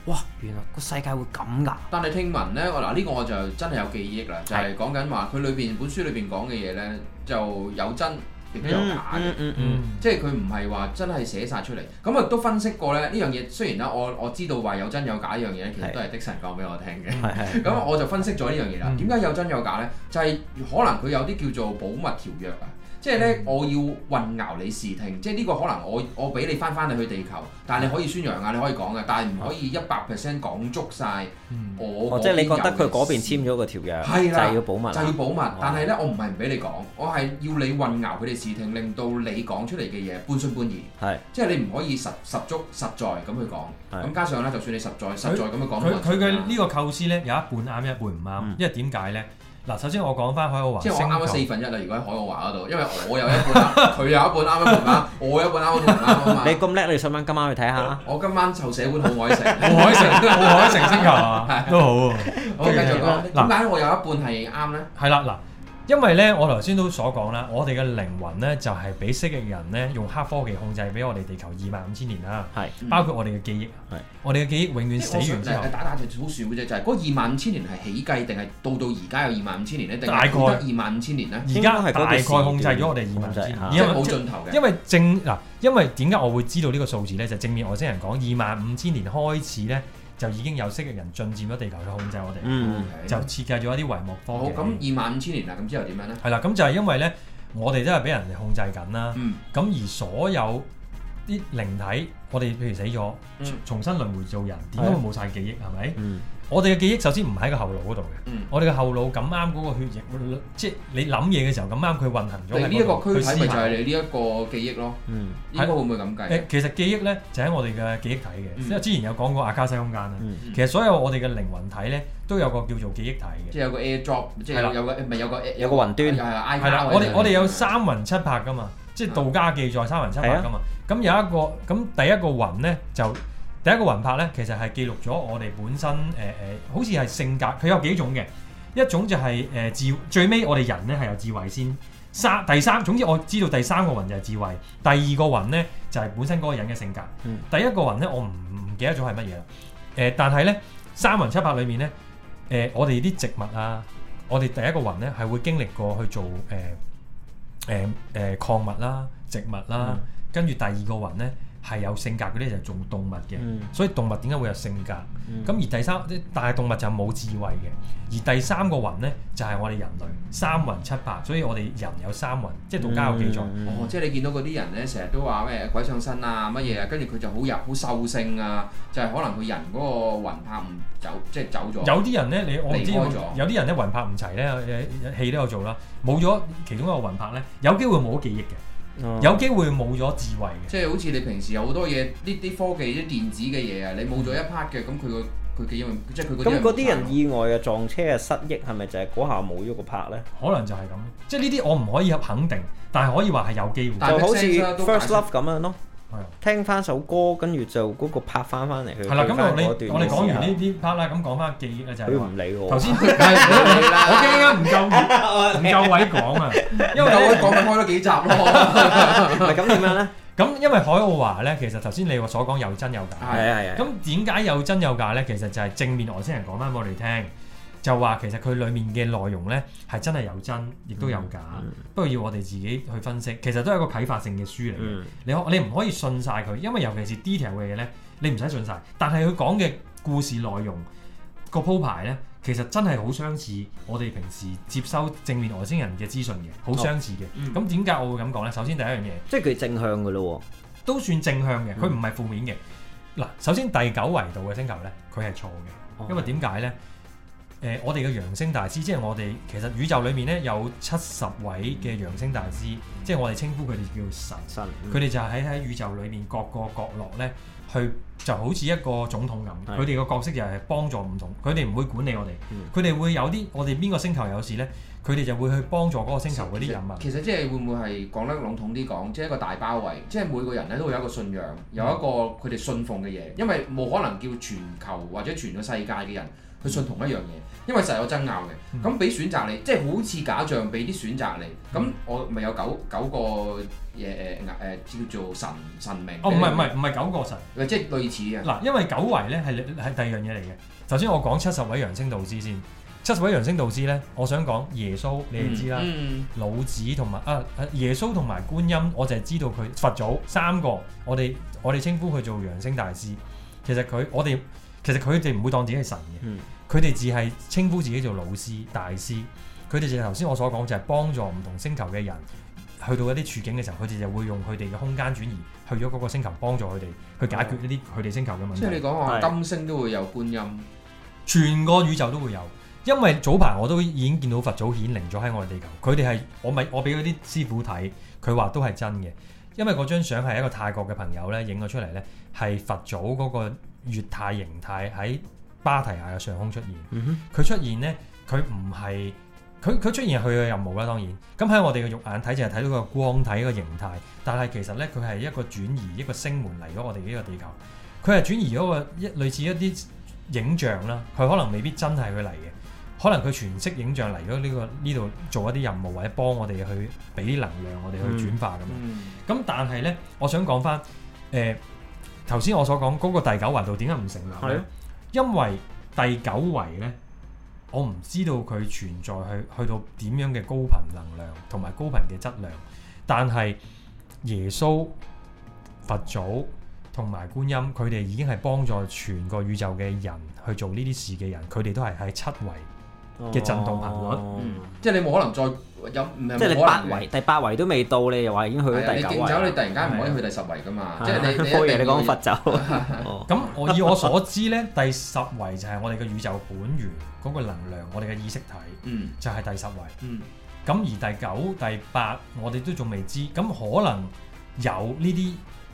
S1: 哇！原來個世界會咁噶，但
S3: 係聽聞咧，嗱、這、呢個我就真係有記憶啦，的就係講緊話佢裏邊本書裏邊講嘅嘢咧，就有真亦都有假嘅，嗯嗯嗯嗯嗯，即係佢唔係話真係寫晒出嚟。咁啊都分析過咧，呢樣嘢雖然啦，我我知道話有真有假呢樣嘢，其實都係的神講俾我聽嘅。咁我就分析咗呢樣嘢啦。點解有真有假咧？就係可能佢有啲叫做保密條約啊。即係咧，我要混淆你視聽，即係呢個可能我我俾你翻翻你去地球，但係你可以宣揚啊，你可以講嘅，但係唔可以一百 percent 講足晒我。即係你覺得佢嗰邊簽咗個
S1: 條約，係啦，就要保密，就要保密。
S3: 但係咧，我唔係唔俾你講，我係要你混淆佢哋視聽，令到你講出嚟嘅嘢半信半疑。係，即係你唔可以十十足實在咁去講。咁加上咧，就算你實在實在咁去講，佢嘅
S4: 呢個構思咧，有一半啱，一半唔
S1: 啱，因為點解咧？嗱，首先我講返海奧華，即係我啱咗四分一啦。如
S3: 果喺海奧華嗰度，因為我有一半，佢有一半啱咗唔啱，我有一半啱咗
S1: 都啱啊嘛。你咁叻，你今晚去睇下？
S3: 我今晚就寫本好海城，好海城，好海城星球啊，都好。好，繼續講。點解我有一半係啱呢？
S4: 係啦，啦因為咧，我頭先都所講啦，我哋嘅靈魂咧，就係俾蜥蜴人咧，用黑科技控制，俾我哋地球二萬五千年啦。係，包括我哋嘅記憶，係的，我哋嘅記憶永遠死完之後。你
S3: 打打就好玄嘅啫，就係嗰二萬五千年係起計定係到到而家有二萬五千年咧？定係大概二萬五千年咧。而家係大概控制咗我哋二萬五千年因，因為冇盡頭嘅。因為
S4: 正嗱，因為點解我會知道呢個數字咧？就正面外星人講，二萬五千年開始咧。就已經有識嘅人進佔咗地球去控制我，我哋、嗯、就設計咗一啲帷幕科技。好、哦，
S3: 咁二萬五千年啦，咁之後點樣咧？
S4: 係啦，咁就係因為咧，我哋都係俾人哋控制緊啦。咁、嗯、而所有啲靈體，我哋譬如死咗，重新輪迴做人，點解會冇晒記憶？係咪的？吧我哋嘅記憶首先唔喺個後腦嗰度嘅，我哋嘅後腦咁啱嗰個血液，即係你諗嘢嘅時候咁啱佢運行咗。你呢一個區體咪就係你呢一個記憶咯。
S3: 嗯，應該會唔會咁計？誒，
S4: 其實記憶咧就喺我哋嘅記憶體嘅，因為之前有講過阿卡西空間啦。其實所有我哋嘅靈魂體咧都有個叫做記憶體嘅。
S3: 即係有個 Air Drop，即係有個咪有個有個雲端。係啊，我哋我哋
S4: 有三魂七魄噶嘛，即係道家記載三魂七魄噶嘛。咁有一個咁第一個魂咧就。第一個魂魄咧，其實係記錄咗我哋本身誒誒、呃呃，好似係性格，佢有幾種嘅。一種就係、是、誒、呃、智，最尾我哋人咧係有智慧先。三，第三，總之我知道第三個魂就係智慧，第二個魂咧就係、是、本身嗰個人嘅性格。第一個魂咧，我唔唔記得咗係乜嘢啦。誒、呃，但係咧，三魂七魄裏面咧，誒、呃，我哋啲植物啊，我哋第一個魂咧係會經歷過去做誒誒誒礦物啦、啊、植物啦、啊，跟住第二個魂咧。係有性格嗰啲就做動物嘅，所以動物點解會有性格？咁而第三即大動物就冇智慧嘅。而第三個魂咧，就係、是、我哋人類三魂七魄，所以我哋人有三魂，即係道家有記
S3: 載。嗯嗯、哦，即係你見到嗰啲人咧，成日都話咩鬼上身啊乜嘢？跟住佢就好入，好獸性啊，就係、是、可能佢人嗰個魂魄唔走，即係走咗。有啲人咧，你我唔知。
S4: 有啲人咧，魂魄唔齊咧，氣都有做啦。冇咗其中一個魂魄咧，有機會冇記
S3: 憶嘅。有機
S1: 會冇咗智慧
S3: 嘅、嗯，即係好似你平時有好多嘢，呢啲科技啲電子嘅嘢啊，你冇咗一 part 嘅，咁佢個佢嘅因為即係佢嗰咁嗰啲人
S1: 意外啊、撞車啊、失憶係咪就係嗰下冇咗個 part 咧？可能就係咁，
S3: 即係呢啲我
S4: 唔可以肯定，但係可以話
S1: 係有機會。就好似 first love 咁解樣咯。聽翻首歌，跟住就嗰個拍翻翻嚟。係啦，咁我你我哋講完呢
S4: 啲拍 a 啦，咁講翻記憶啊，就佢、是、唔理我。頭先才 我驚啊，唔夠唔夠位講啊，因為我講緊
S3: 開咗幾集咯，咁 點 樣咧？
S4: 咁因為海奧華咧，其實頭先你話所講有真有假。係啊係啊。咁點解有真有假咧？其實就係正面外星人講翻俾我哋聽。就話其實佢裡面嘅內容呢係真係有真，亦都有假，嗯嗯、不過要我哋自己去分析。其實都係一個啟發性嘅書嚟、嗯、你可你唔可以信晒佢？因為尤其是 detail 嘅嘢呢，你唔使信晒。但係佢講嘅故事內容個鋪排呢，其實真係好相似我哋平時接收正面外星人嘅資訊嘅，好相似嘅。咁點解我會咁講呢？首先第一樣嘢，即係佢正向嘅咯，都算正向嘅。佢唔係負面嘅。嗱、嗯，首先第九維度嘅星球呢，佢係錯嘅，因為點解呢？誒、呃，我哋嘅揚聲大師，即係我哋其實宇宙裏面咧有七十位嘅揚聲大師，嗯、即係我哋稱呼佢哋叫神，佢哋、嗯、就喺喺宇宙裏面各個角落咧，去就好似一個總統咁。佢哋個角色就係幫助唔同，佢哋唔會管理我哋，佢哋、嗯、會有啲我哋邊個星球有事咧，佢哋就會去幫助嗰個星球嗰啲人物。其
S3: 實即係會唔會係講得籠統啲講，即、就、係、是、一個大包圍，即、就、係、是、每個人咧都會有一個信仰，有一個佢哋信奉嘅嘢，因為冇可能叫全球或者全個世界嘅人。佢信同一樣嘢，因為實有爭拗嘅。咁俾、嗯、選擇你，即係好似假象俾啲選擇你。咁、嗯、我咪有九九個誒誒誒叫做神神明。哦，唔係唔係
S4: 唔係九個神，即係類似嘅。嗱，因為九位咧係係第二樣嘢嚟嘅。首先我講七十位揚升導師先。七十位揚升導師咧，我想講耶穌你哋知啦，嗯嗯、老子同埋啊，耶穌同埋觀音，我就係知道佢佛祖三個，我哋我哋稱呼佢做揚升大師。其實佢我哋。其實佢哋唔會當自己係神嘅，佢哋、嗯、只係稱呼自己做老師大師。佢哋就頭先我所講，就係、是、幫助唔同星球嘅人，去到一啲處境嘅時候，佢哋就會用佢哋嘅空間轉移去咗嗰個星球幫助佢哋去解決呢啲佢哋星球嘅問題。即係你講話金
S3: 星都會有觀音，
S4: 全個宇宙都會有。嗯、因為早排我都已經見到佛祖顯靈咗喺我哋地球，佢哋係我咪我俾嗰啲師傅睇，佢話都係真嘅。因為嗰張相係一個泰國嘅朋友咧影咗出嚟咧，係佛祖嗰、那個。月太形態喺芭提亞嘅上空出現，佢、嗯、哼出現呢？佢唔係佢佢出現佢嘅任務啦。當然，咁喺我哋嘅肉眼睇就係睇到個光體個形態，但係其實呢，佢係一個轉移，一個星門嚟咗我哋呢個地球，佢係轉移咗個一類似一啲影像啦。佢可能未必真係佢嚟嘅，可能佢全息影像嚟咗呢個呢度做一啲任務或者幫我哋去俾啲能量我哋去轉化咁樣。咁、嗯嗯、但係呢，我想講翻誒。呃頭先我所講嗰、嗰個第九維度點解唔成立咧？啊、因為第九維呢，我唔知道佢存在去去到點樣嘅高頻能量同埋高頻嘅質量。但係耶穌、佛祖同埋觀音，佢哋已經係幫助全個宇宙嘅人去做呢啲事嘅人，佢哋都係喺七維嘅振動頻率，哦，嗯、
S1: 即係你冇可能再。
S3: 有即係你八維，
S1: 第八維都未到，你又話已經去咗第九維。你敬酒，你突
S3: 然間唔可以去第十維噶嘛？即係你一地你講佛就咁。
S4: 以我所知咧，第十維就係我哋嘅宇宙本源嗰個能量，我哋嘅意識體，就係第十維。咁而第九、第八，我哋都仲未知。咁可能有呢啲。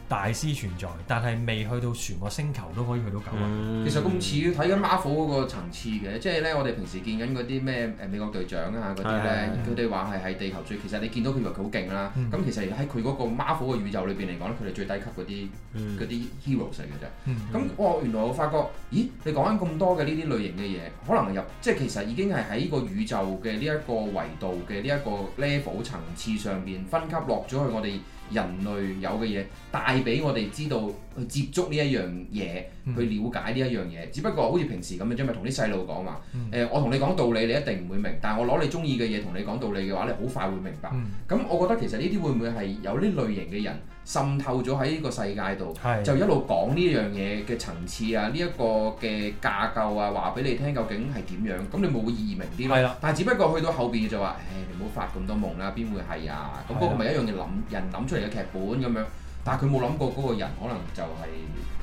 S4: 大師存在，但係未去到全個星球都可以去到九啊！嗯、其實咁似
S3: 睇緊 Marvel 嗰個層次嘅，即係咧我哋平時見緊嗰啲咩誒美國隊長啊嗰啲咧，佢哋話係喺地球最，其實你見到佢以為佢好勁啦，咁、嗯、其實喺佢嗰個 Marvel 嘅宇宙裏邊嚟講，佢哋最低級嗰啲嗰啲 hero 嚟嘅啫。咁、嗯嗯、我原來我發覺，咦？你講緊咁多嘅呢啲類型嘅嘢，可能入即係其實已經係喺個宇宙嘅呢一個維度嘅呢一個 level 層次上面分級落咗去我哋。人類有嘅嘢，帶俾我哋知道。去接觸呢一樣嘢，去了解呢一樣嘢。嗯、只不過好似平時咁樣啫，咪同啲細路講話。誒、嗯呃，我同你講道理，你一定唔會明。但係我攞你中意嘅嘢同你講道理嘅話，你好快會明白。咁、嗯、我覺得其實呢啲會唔會係有呢類型嘅人滲透咗喺呢個世界度，是就一路講呢樣嘢嘅層次啊，呢、這、一個嘅架構啊，話俾你聽究竟係點樣。咁你冇容易明啲咯。的但係只不過去到後邊就話，誒、哎，你唔好發咁多夢啦，邊會係啊？咁、那、嗰個咪一樣嘢，諗，人諗出嚟嘅劇本咁樣。但係佢冇諗過嗰個人可能就係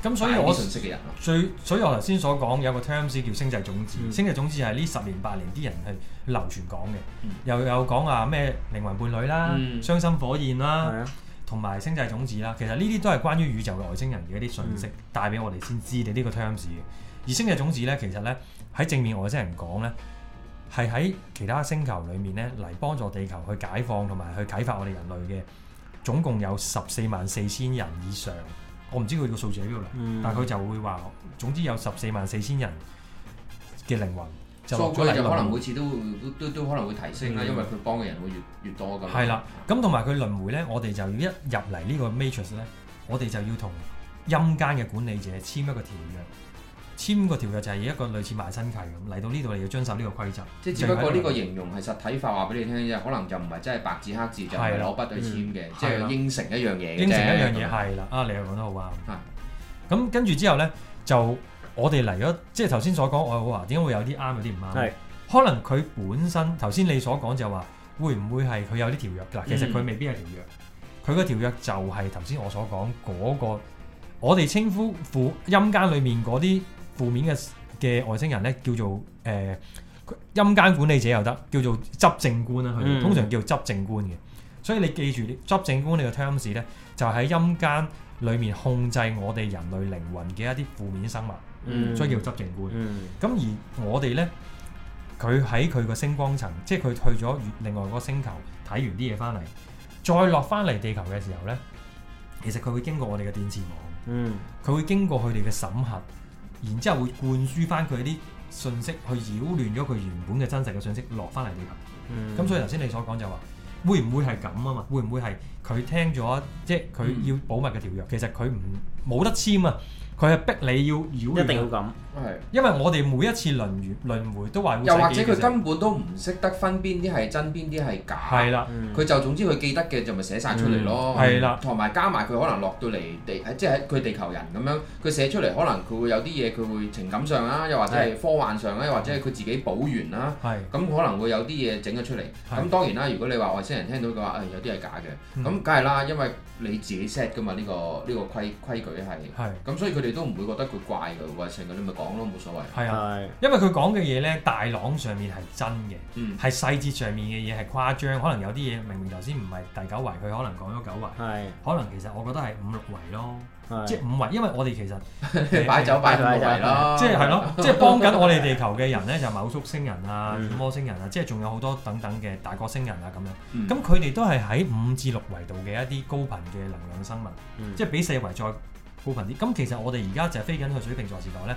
S3: 咁、嗯，所以我認識嘅人
S4: 最。所以我頭先所講有個 term 叫星際種子。星、嗯、際種子係呢十年八年啲人係流傳講嘅，嗯、又有講啊咩靈魂伴侶啦、嗯、傷心火焰啦，同埋星際種子啦。其實呢啲都係關於宇宙嘅外星人嘅一啲信息，嗯、帶俾我哋先知你呢個 term 嘅。而星際種子呢，其實呢，喺正面外星人講呢，係喺其他星球裡面呢，嚟幫助地球去解放同埋去啟發我哋人類嘅。總共有十四萬四千人以上，我唔知佢個數字喺邊度嚟，嗯、但係佢就會話總之有十四萬四千人嘅靈魂、嗯、就落咗嚟可能每次
S3: 都都都可能會提升啦，因為佢幫嘅人會越越多咁。係啦、嗯，
S4: 咁同埋佢輪迴咧，我哋就一入嚟呢個 matrix 咧，我哋就要同陰間嘅管理者簽一個條約。簽個條約就係一個類似賣身契咁，嚟到呢度你要遵守呢個規則。即係只不過呢個形
S3: 容係實體化話俾你聽啫，可能就唔係真係白紙黑字的就攞筆對簽嘅，嗯、即係應承一樣嘢。應承一樣嘢係
S4: 啦，對對啊，你又講得好啱。係的，咁跟住之後咧，就我哋嚟咗，即係頭先所講，我話點解會有啲啱有啲唔啱？的可能佢本身頭先你所講就話，會唔會係佢有啲條約㗎？其實佢未必係條約，佢個、嗯、的條約就係頭先我所講嗰、那個，我哋稱呼負陰間裏面嗰啲。負面嘅嘅外星人咧，叫做誒、呃、陰間管理者又得，叫做執政官啦、啊。佢哋、嗯、通常叫做執政官嘅，所以你記住啲執政官呢個 terms 咧，就喺、是、陰間裏面控制我哋人類靈魂嘅一啲負面生物，嗯、所以叫做執政官。咁、嗯、而我哋咧，佢喺佢個星光層，即係佢去咗另外嗰個星球睇完啲嘢翻嚟，再落翻嚟地球嘅時候咧，其實佢會經過我哋嘅電磁網，佢、嗯、會經過佢哋嘅審核。然之後會灌輸翻佢啲信息，去擾亂咗佢原本嘅真實嘅信息落翻嚟地球。咁、
S2: 嗯嗯、所
S4: 以頭先你所講就話、是，會唔會係咁啊？嘛，會唔會係佢聽咗即係佢要保密嘅條約，嗯、其實佢唔冇得簽啊？佢係逼你要繞完，一定要咁，係，因為我哋每一次輪完輪迴都話，又或者佢根
S3: 本都唔識得分邊啲係真，邊啲係假，係啦，佢就總之佢記得嘅就咪寫曬出嚟咯，係啦，同埋加埋佢可能落到嚟地，即係佢地球人咁樣，佢寫出嚟可能佢會有啲嘢佢會情感上啦，又或者係科幻上咧，或者係佢自己補完啦，係，咁可能會有啲嘢整咗出嚟，咁當然啦，如果你話外星人聽到佢話，誒有啲係假嘅，咁梗係啦，因為你自己 set 㗎嘛呢個呢個規規矩係，係，咁所以佢哋。都唔會覺得佢怪佢，喎，成個，你咪講咯，冇所謂。係
S4: 啊，因為佢講嘅嘢咧，大朗上面係真嘅，係細節上面嘅嘢係誇張，可能有啲嘢明明頭先唔係第九維，佢可能講咗九維，係可能其實我覺得係五六維咯，即係五維，因為我哋其實擺酒擺五維咯，即係係咯，即係幫緊我哋地球嘅人咧，就某宿星人啊、魔星人啊，即係仲有好多等等嘅大國星人啊咁樣，咁佢哋都係喺五至六維度嘅一啲高頻嘅能量生物，即係比四維再。高頻啲，咁其實我哋而家就飛緊去水瓶座時代咧。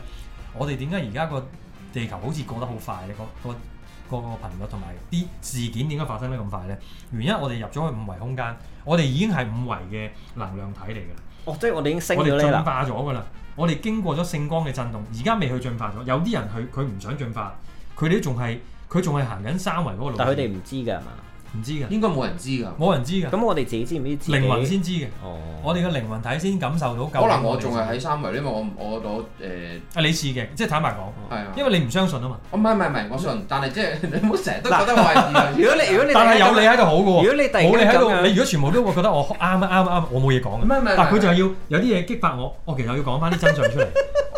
S4: 我哋點解而家個地球好似過得好快咧？個個、個個頻率同埋啲事件點解發生得咁快咧？原因我哋入咗去五維空間，我哋已經係五維嘅能量體嚟㗎啦。哦，即係我哋已經升咗呢，我哋進化咗㗎啦。了我哋經過咗聖光嘅震動，而家未去進化咗。有啲人佢佢唔想進化，佢哋仲係佢仲係行緊三維嗰個路。但佢哋唔知㗎嘛？唔知㗎，應該冇人知㗎，冇人知㗎。咁我哋自己知唔知？靈魂先知嘅，我哋
S3: 嘅靈魂體先感受到。可能我仲係喺三維，因為我我我誒，啊你試嘅，即係坦白講，因為你唔相信啊嘛。我唔係唔係唔係，我信，但係即係你唔好成日都覺得我係試啊。
S1: 如果你如果
S3: 你，但係有你喺
S4: 度好嘅。如果你冇你喺度，你如果全部都，我覺得我啱啱啱，啱，我冇嘢講嘅。唔係唔係，佢就要有啲嘢激發我，我其實要講返啲真相出嚟。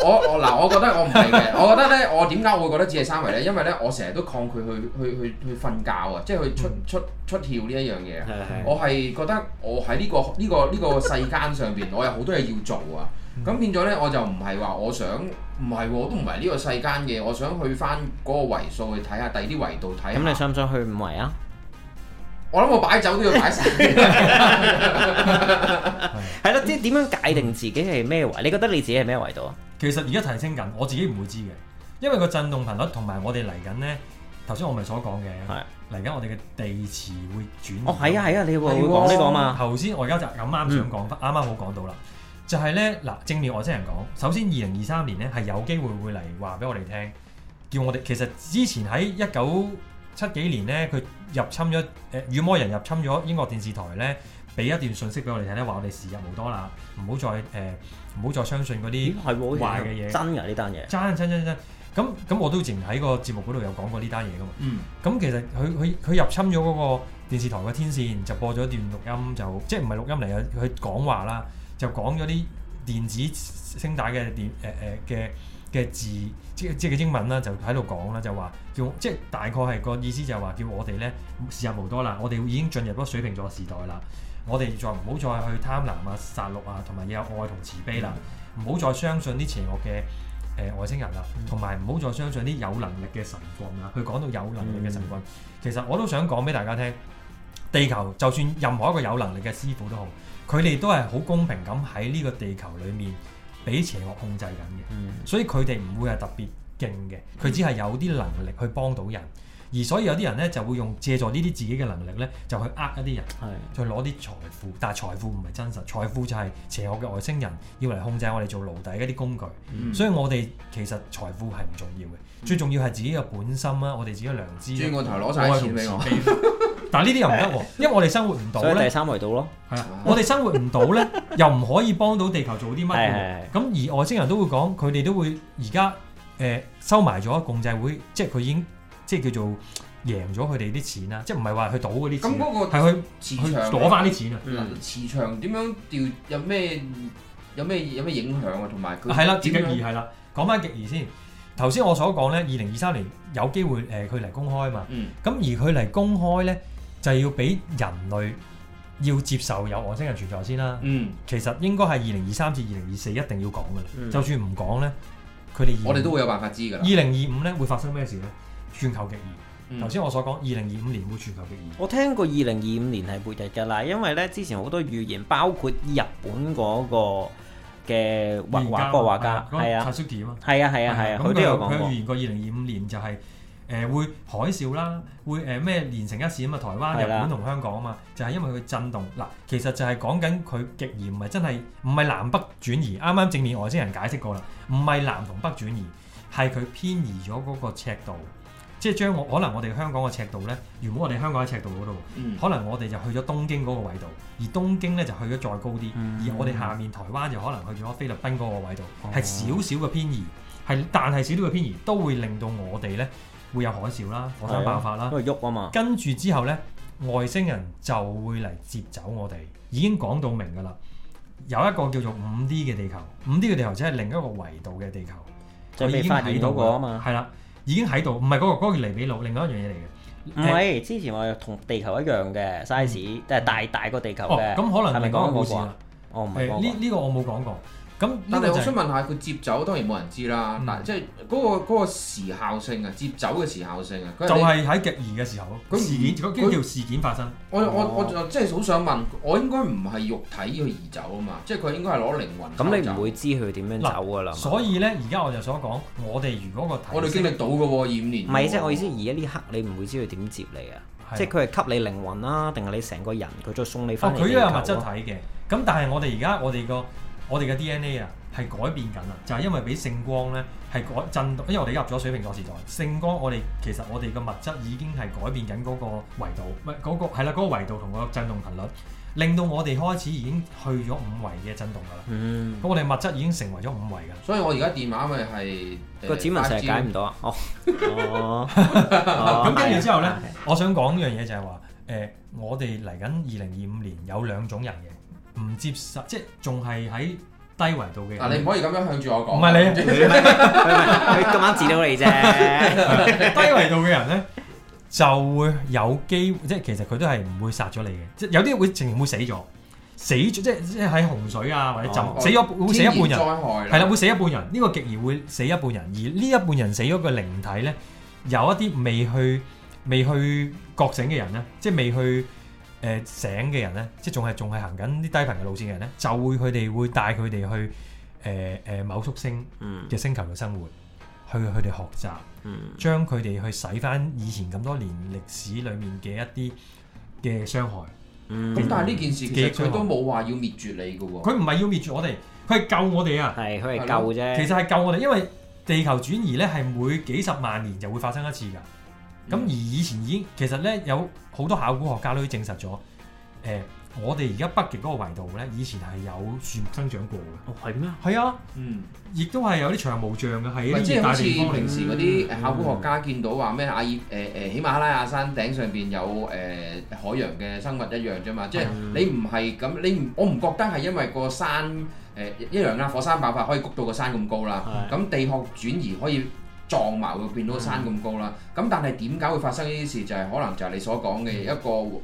S3: 我我嗱，我覺得我唔係嘅，我覺得咧，我點解我會覺得只係三維咧？因為咧，我成日都抗拒去去去去瞓覺啊，即係去出出。出竅呢一樣嘢，我係覺得我喺呢個呢個呢個世間上邊，我有好多嘢要做啊！咁變咗呢，我就唔係話我想，唔係我都唔係呢個世間嘅，我想去翻嗰個維數去睇下第二啲維度睇。咁
S1: 你想唔想去五維啊？
S3: 我諗我擺酒都要擺晒。
S1: 係咯，即係點樣界定自己係咩維？你覺得你自己係咩維度啊？
S4: 其實而家提升緊，我自己唔會知嘅，因為個震動頻率同埋我哋嚟緊呢。頭先我咪所講嘅，係嗱而家我哋嘅地詞會轉哦，係啊係啊，你會講呢個啊嘛。頭先我而家就咁啱想講，啱啱、嗯、好講到啦，就係咧嗱正面外星人講，首先二零二三年咧係有機會會嚟話俾我哋聽，叫我哋其實之前喺一九七幾年咧，佢入侵咗誒外星人入侵咗英國電視台咧，俾一段信息俾我哋睇咧，話我哋時日無多啦，唔好再誒，唔、呃、好再相信嗰啲係壞嘅嘢，真㗎呢單嘢，真真真真。咁咁我都以前喺個節目嗰度有講過呢單嘢噶嘛。咁、嗯、其實佢佢佢入侵咗嗰個電視台嘅天線，就播咗段錄音就，就即係唔係錄音嚟啊？佢講話啦，就講咗啲電子聲帶嘅電誒誒嘅嘅字，即即嘅英文啦，就喺度講啦，就話叫即係大概係個意思就係話叫我哋咧時日無多啦，我哋已經進入咗水瓶座時代啦，我哋再唔好再去貪婪啊、殺戮啊，同埋要有愛同慈悲啦，唔好、嗯、再相信啲邪惡嘅。誒外星人啊，同埋唔好再相信啲有能力嘅神棍啦。佢講到有能力嘅神棍，嗯、其實我都想講俾大家聽，地球就算任何一個有能力嘅師傅都好，佢哋都係好公平咁喺呢個地球裡面俾邪惡控制緊嘅，嗯、所以佢哋唔會係特別勁嘅，佢只係有啲能力去幫到人。而所以有啲人咧就會用借助呢啲自己嘅能力咧，就去呃一啲人，就攞啲財富。但係財富唔係真實財富，就係邪惡嘅外星人要嚟控制我哋做奴隸一啲工具。嗯、所以我哋其實財富係唔重要嘅，最重要係自己嘅本心啦。我哋自己嘅良知。
S1: 轉個、嗯、頭
S3: 攞曬錢俾我但。
S1: 但
S4: 係呢啲又唔得，因為我哋生活唔到咧。所以第
S3: 三維度咯。係我哋
S4: 生活唔到咧，又唔可以幫到地球做啲乜嘢。咁 而外星人都會講，佢哋都會而家誒收埋咗共濟會，即係佢已經。即係叫做贏咗佢哋啲錢啦，即係唔係話去賭嗰啲錢，係去賭場攞翻啲錢啊！嗯，磁場
S3: 點樣調有咩有咩有咩影響啊？同埋係啦，極二係
S4: 啦，講翻極二先。頭先我所講咧，二零二三年有機會誒佢嚟公開嘛？咁、嗯、而佢嚟公開咧，就要俾人類要接受有外星人存在先啦。嗯，其實應該係二零二三至二零二四一定要講嘅。嗯，就算唔講咧，
S1: 佢哋
S3: 我哋都會有辦法知嘅。二零
S4: 二五咧會發生咩事咧？全球極移，頭先我所講二零二五年會全球極移。嗯、
S1: 我聽過二零二五年係末日噶啦，因為咧之前好多預言，包括日本嗰個嘅畫在畫家，嗰家係啊 Tatsuki 啊，係啊係啊係啊，咁佢又佢預
S4: 言過二零二五年就係、是、誒、呃、會海嘯啦，會誒咩、呃、連成一線啊嘛，台灣、啊、日本同香港啊嘛，就係、是、因為佢震動嗱，啊、其實就係講緊佢極移唔係真係唔係南北轉移，啱啱正面外星人解釋過啦，唔係南同北轉移，係佢偏移咗嗰個赤道。即係將我可能我哋香港嘅赤道呢，原本我哋香港喺赤道嗰度，嗯、可能我哋就去咗東京嗰個緯度，而東京呢，就去咗再高啲，嗯、而我哋下面台灣就可能去咗菲律賓嗰個緯度，係少少嘅偏移，係，但係少少嘅偏移都會令到我哋呢，會有海嘯啦、火山爆發啦，因為喐啊嘛。跟住之後呢，外星人就會嚟接走我哋，已經講到明噶啦。有一個叫做五 D 嘅地球，五 D 嘅地球即係另一個維度嘅地球，就被 已經睇到過啊嘛，係啦了。已經喺度，唔係嗰個嗰、嗰個尼比魯，另外一樣嘢嚟
S1: 嘅。唔係、嗯，是之前我同地球一樣嘅 size，、嗯、即係大大過地球嘅。咁、哦嗯、可
S4: 能係咪講個故事啊？那個、哦，唔係講過。呢呢個我冇講過。但係我想問
S3: 下，佢接走當然冇人知啦。嗱、嗯那個，即係嗰個嗰個時效性啊，接走嘅時效性啊，就係喺極異嘅時候。不事件，因為條事件發生。我我、哦、我即係好想問，我應該唔係肉體去移走啊嘛？即係佢應該係攞靈魂走走。咁你
S1: 唔會知佢點樣走噶啦、嗯？所
S3: 以咧，而家我就所講，我哋如果個體我哋經歷到嘅喎，二五年。唔係，即係我意思，
S1: 而家呢刻你唔會知佢點接你啊？嗎即係佢係吸你靈魂啦、啊，定係你成個人佢再送你翻佢都有物質
S4: 體嘅。咁但係我哋而家我哋個。我哋嘅 DNA 啊，係改變緊啊！就係、是、因為俾聖光咧，係改震動，因為我哋入咗水瓶座時代。聖光我，我哋其實我哋嘅物質已經係改變緊嗰個維度，唔係嗰個係啦，嗰、嗰個維度同個震動頻率，令到我哋開始已經去咗五維嘅震動噶啦。
S2: 嗯，
S4: 咁我哋物質已經成為咗五維噶。所以我而家
S3: 電話咪係個指紋成日解唔到啊！哦 呢，哦、嗯，咁跟住之後咧，
S4: 我想講樣嘢就係話，誒，我哋嚟緊二零二五年有兩種人型。唔接受，即係仲係喺低維度嘅人。你唔可以咁樣向住我講。唔係你，佢今晚指到你啫。 低維度嘅人咧，就會有機會，即係其實佢都係唔會殺咗你嘅。即係有啲會，情然會死咗，死咗即係即係喺洪水啊或者浸、哦、死咗，會死一半人。係啦，會死一半人。呢、呢個極而會死一半人，而呢一半人死咗嘅靈體咧，有一啲未去未去覺醒嘅人咧，即係未去。誒、呃、醒嘅人咧，即係仲係仲係行緊啲低頻嘅路線嘅人咧，就會佢哋會帶佢哋去誒誒、呃呃、某宿星嘅星球嘅生活，去佢哋學習，將佢哋去洗翻以前咁多年歷史裡面嘅一啲嘅傷害。咁、嗯、其但係呢件事其實佢都
S3: 冇話要滅絕你嘅喎，佢唔係
S4: 要滅絕我哋，佢係救我哋啊！係佢係救啫。其實係救我哋，因為地球轉移咧係每幾十萬年就會發生一次㗎。咁而以前已經其實咧有好多考古學家都證實咗，誒、呃，我哋而家北極嗰個緯度咧，以前係有樹木生長過嘅。哦，係咩？係啊，
S3: 嗯，
S4: 亦都係有啲長毛象嘅，係呢、啊、即係好似平時嗰啲考古學
S3: 家見到話咩亞熱誒誒喜馬拉雅山頂上邊有誒、呃、海洋嘅生物一樣啫嘛，即係你唔係咁，你唔我唔覺得係因為個山誒一樣啦，呃、火山爆發可以谷到個山咁高啦，咁、嗯嗯、地殼轉移可以。撞埋會變到山咁高啦，咁、嗯、但係點解會發生呢啲事？就係、是、可能就係你所講嘅一個誒誒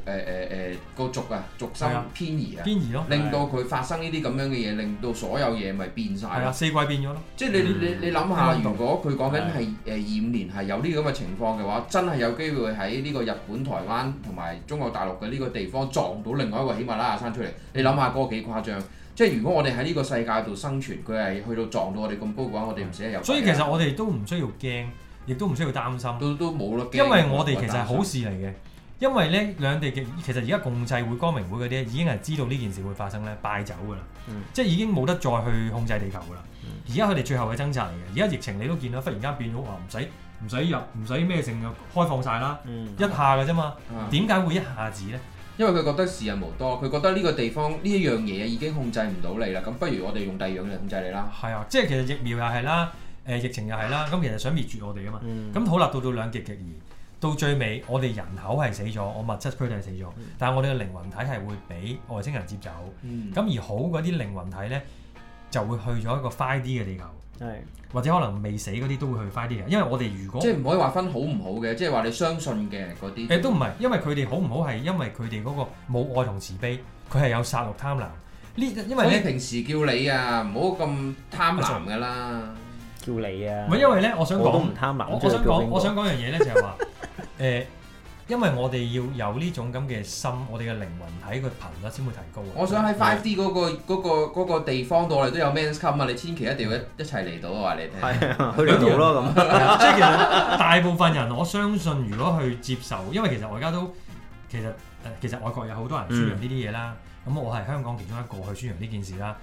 S3: 誒個族啊，族心偏移、啊，偏移咯、哦，令到佢發生呢啲咁樣嘅嘢，令到的所有嘢咪變晒。係啊，四季變咗咯。即係你你你你諗下，嗯、如果佢講緊係誒二五年係有呢咁嘅情況嘅話，真係有機會喺呢個日本、的台灣同埋中國大陸嘅呢個地方撞到另外一個喜馬拉雅山出嚟。你諗下，嗰個幾誇張？即係如果我哋喺呢個世界度生存，佢係去到撞到我哋咁高嘅話，我哋唔使有。啊、所以其實
S4: 我哋都唔需要驚，亦都唔需要擔心。都都冇得驚。因為我哋其實係好事嚟嘅。嗯、因為咧兩地嘅其實而家共濟會、光明會嗰啲已經係知道呢件事會發生咧，敗走噶啦。嗯、即係已經冇得再去控制地球噶啦。而家佢哋最後嘅掙扎嚟嘅。而家疫情你都見到忽然間變咗話唔使唔使入唔使咩性嘅開放晒啦，嗯、
S3: 一下嘅啫嘛。點解會一下子咧？因為佢覺得時日無多，佢覺得呢個地方呢一樣嘢已經控制唔到你啦，咁不如我哋用第二樣嚟控制你啦。
S4: 係啊，即係其實疫苗又係啦，誒疫情又係啦，咁其實想滅絕我哋㗎嘛。咁好啦，到到兩極極移，到最尾我哋人口係死咗，我物質區係死咗，嗯、但係我哋嘅靈魂體係會俾外星人接走。咁、嗯、而好嗰啲靈魂體呢，就會去咗一個快啲嘅地球。或者可能未死嗰啲都會去快啲嘅，因為我哋如果即係唔可
S3: 以話分好唔好嘅，即係話你相信
S4: 嘅嗰啲。誒都唔係，因為佢哋好唔好係因為佢哋嗰個冇愛同慈悲，佢係有殺戮貪婪
S3: 呢？因為你平時叫你啊，唔好咁貪婪㗎啦，
S1: 叫你啊。
S3: 唔係因為咧，我想講，我唔貪婪。我想講，我想講樣嘢咧，就係話
S4: 誒。 呃因為我哋要有呢種咁嘅心，我哋嘅靈魂喺個頻率先會提高，我想喺 Five
S3: D 嗰、嗰個嗰地方度，我哋都有 Men's Come 嘛，你千祈一定要一一齊嚟到我話你聽，
S4: 去嚟到咯咁。即係其實大部分人，我相信如果去接受，因為其實我而家都其實誒，其實外國有好多人宣揚呢啲嘢啦。咁、嗯、我係香港其中一個去宣揚呢件事啦。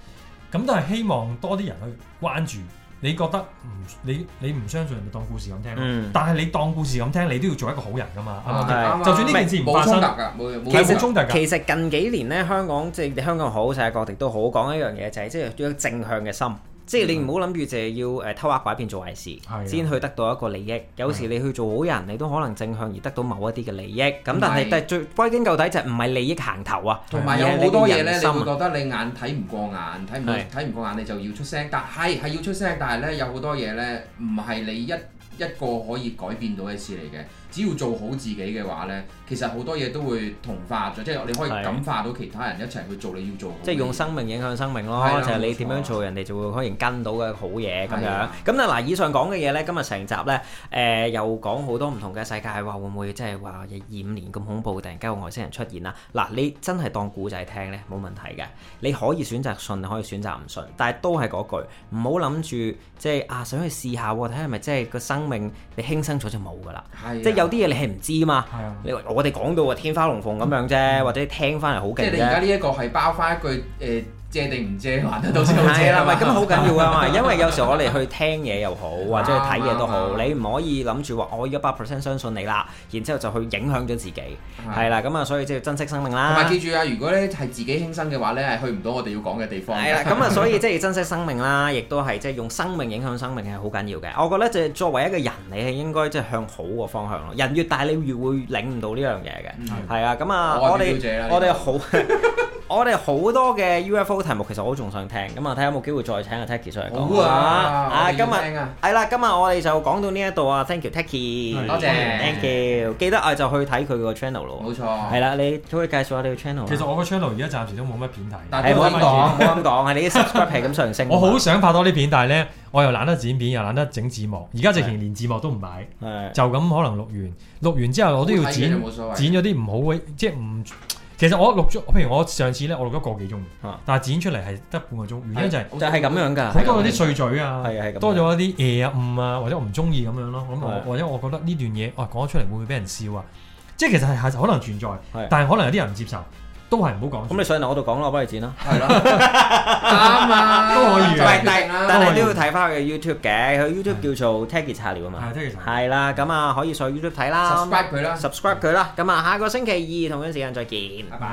S4: 咁都係希望多啲人去關注。你覺得唔你你唔相信人哋當故事咁聽咯？嗯、但係你當故事咁聽，你都要做一個好人噶嘛？
S1: 係咪？就算呢件事唔發生，冇衝突噶，其實近幾年咧，香港即係香港好，世界各地都好講一樣嘢，就係即係要有正向嘅心。即係你唔好諗住就係要誒偷呃拐騙做壞事，先去得到一個利益。的有時你去做好人，你都可能正向而得到某一啲嘅利益。咁但係，但係最歸根究底就唔係利益行頭啊。同埋的有好多嘢呢，你會覺
S3: 得你眼睇唔過眼，睇唔睇唔過眼，你就要出聲。但係係要出聲，但係呢，有好多嘢呢，唔係你一一個可以改變到嘅事嚟嘅。只要做好自己嘅話呢，其實好多嘢都會同化咗，即係你可以感化到其他人一齊去做你要做嘅。即係用
S1: 生命影響生命咯，就係你點樣做，人哋就會可能跟到嘅好嘢咁樣。咁啊嗱，以上講嘅嘢呢，今日成集呢，誒、呃、又講好多唔同嘅世界話，會唔會即係話二五年咁恐怖，突然間有外星人出現啦？嗱，你真係當古仔聽呢，冇問題嘅。你可以選擇信，你可以選擇唔信，但係都係嗰句，唔好諗住即係啊想去試下睇係咪即係個生命你輕生咗就冇㗎啦。即是的 的有啲嘢你係唔知啊嘛，嗯、你話我哋講到啊天花龍鳳咁樣啫，嗯、或者聽翻嚟好勁。即係你而家呢
S3: 一個係包翻一句誒。呃借定唔借還得到先好借。係啦， 唔係咁好緊要啊嘛。因為
S1: 有時我哋去聽嘢又好，或者去睇嘢都好，你唔可以諗住話，我一百 percent 相信你啦，然之後就去影響咗自己。係啦，咁啊，所以即係要珍惜生命啦。同記住
S3: 啊，如果咧係自己輕生嘅話咧，係去唔到我哋要講嘅地方。係啦，咁啊，所以
S1: 即係珍惜生命啦， 亦都係即係用生命影響生命係好緊要嘅。我覺得即係作為一個人，你係應該即係向好個方向咯。人越大，你越會領悟到呢樣嘢嘅。係、嗯、啊，咁啊，我哋我哋好。我哋好多嘅 UFO 題目其實我仲想聽，咁啊，睇下有冇機會再請阿 Tecki 上嚟講啊！啊，今日係啦，今日我哋就講到呢一度啊，Thank you Tecki，多謝，Thank you，記得我就去睇佢個 channel 咯，冇錯。係啦，你可以介紹下你個 channel。其實
S4: 我個 channel 而家暫時都冇乜片睇，
S1: 但係冇得講，subscribe 咁上升。我好想拍多啲片，但係咧我又懶得
S4: 剪片，又懶得整字幕，而家直情連字幕都唔擺，就咁可能錄完，錄完之後我都要剪，剪咗啲唔好嘅，即係唔。其實我錄咗，譬如我上次咧，我錄咗個幾鐘，啊、但係剪出嚟係得半個鐘。是的 原因就係、是、就係咁樣噶，好多啲碎嘴啊，係啊係，多咗一啲嘢啊、誤啊，或者我唔中意咁樣咯，咁或者我覺得呢段嘢，哇講咗出嚟會唔會俾人笑啊？是的 即係其實係可能存在，是的 但係可能有啲人唔接受。都係唔好講。
S1: 咁你上嚟我度講咯，我幫你剪啦。係咯。咁啊，都可以。但係都要睇翻佢 YouTube 嘅，佢 YouTube 叫做 Tecki 擦料啊嘛。係 Tecki 擦料。係啦，咁啊可以上 YouTube 睇啦。subscribe 佢啦。subscribe 佢啦。咁啊，下個星期二同樣時間再見。
S2: 拜拜。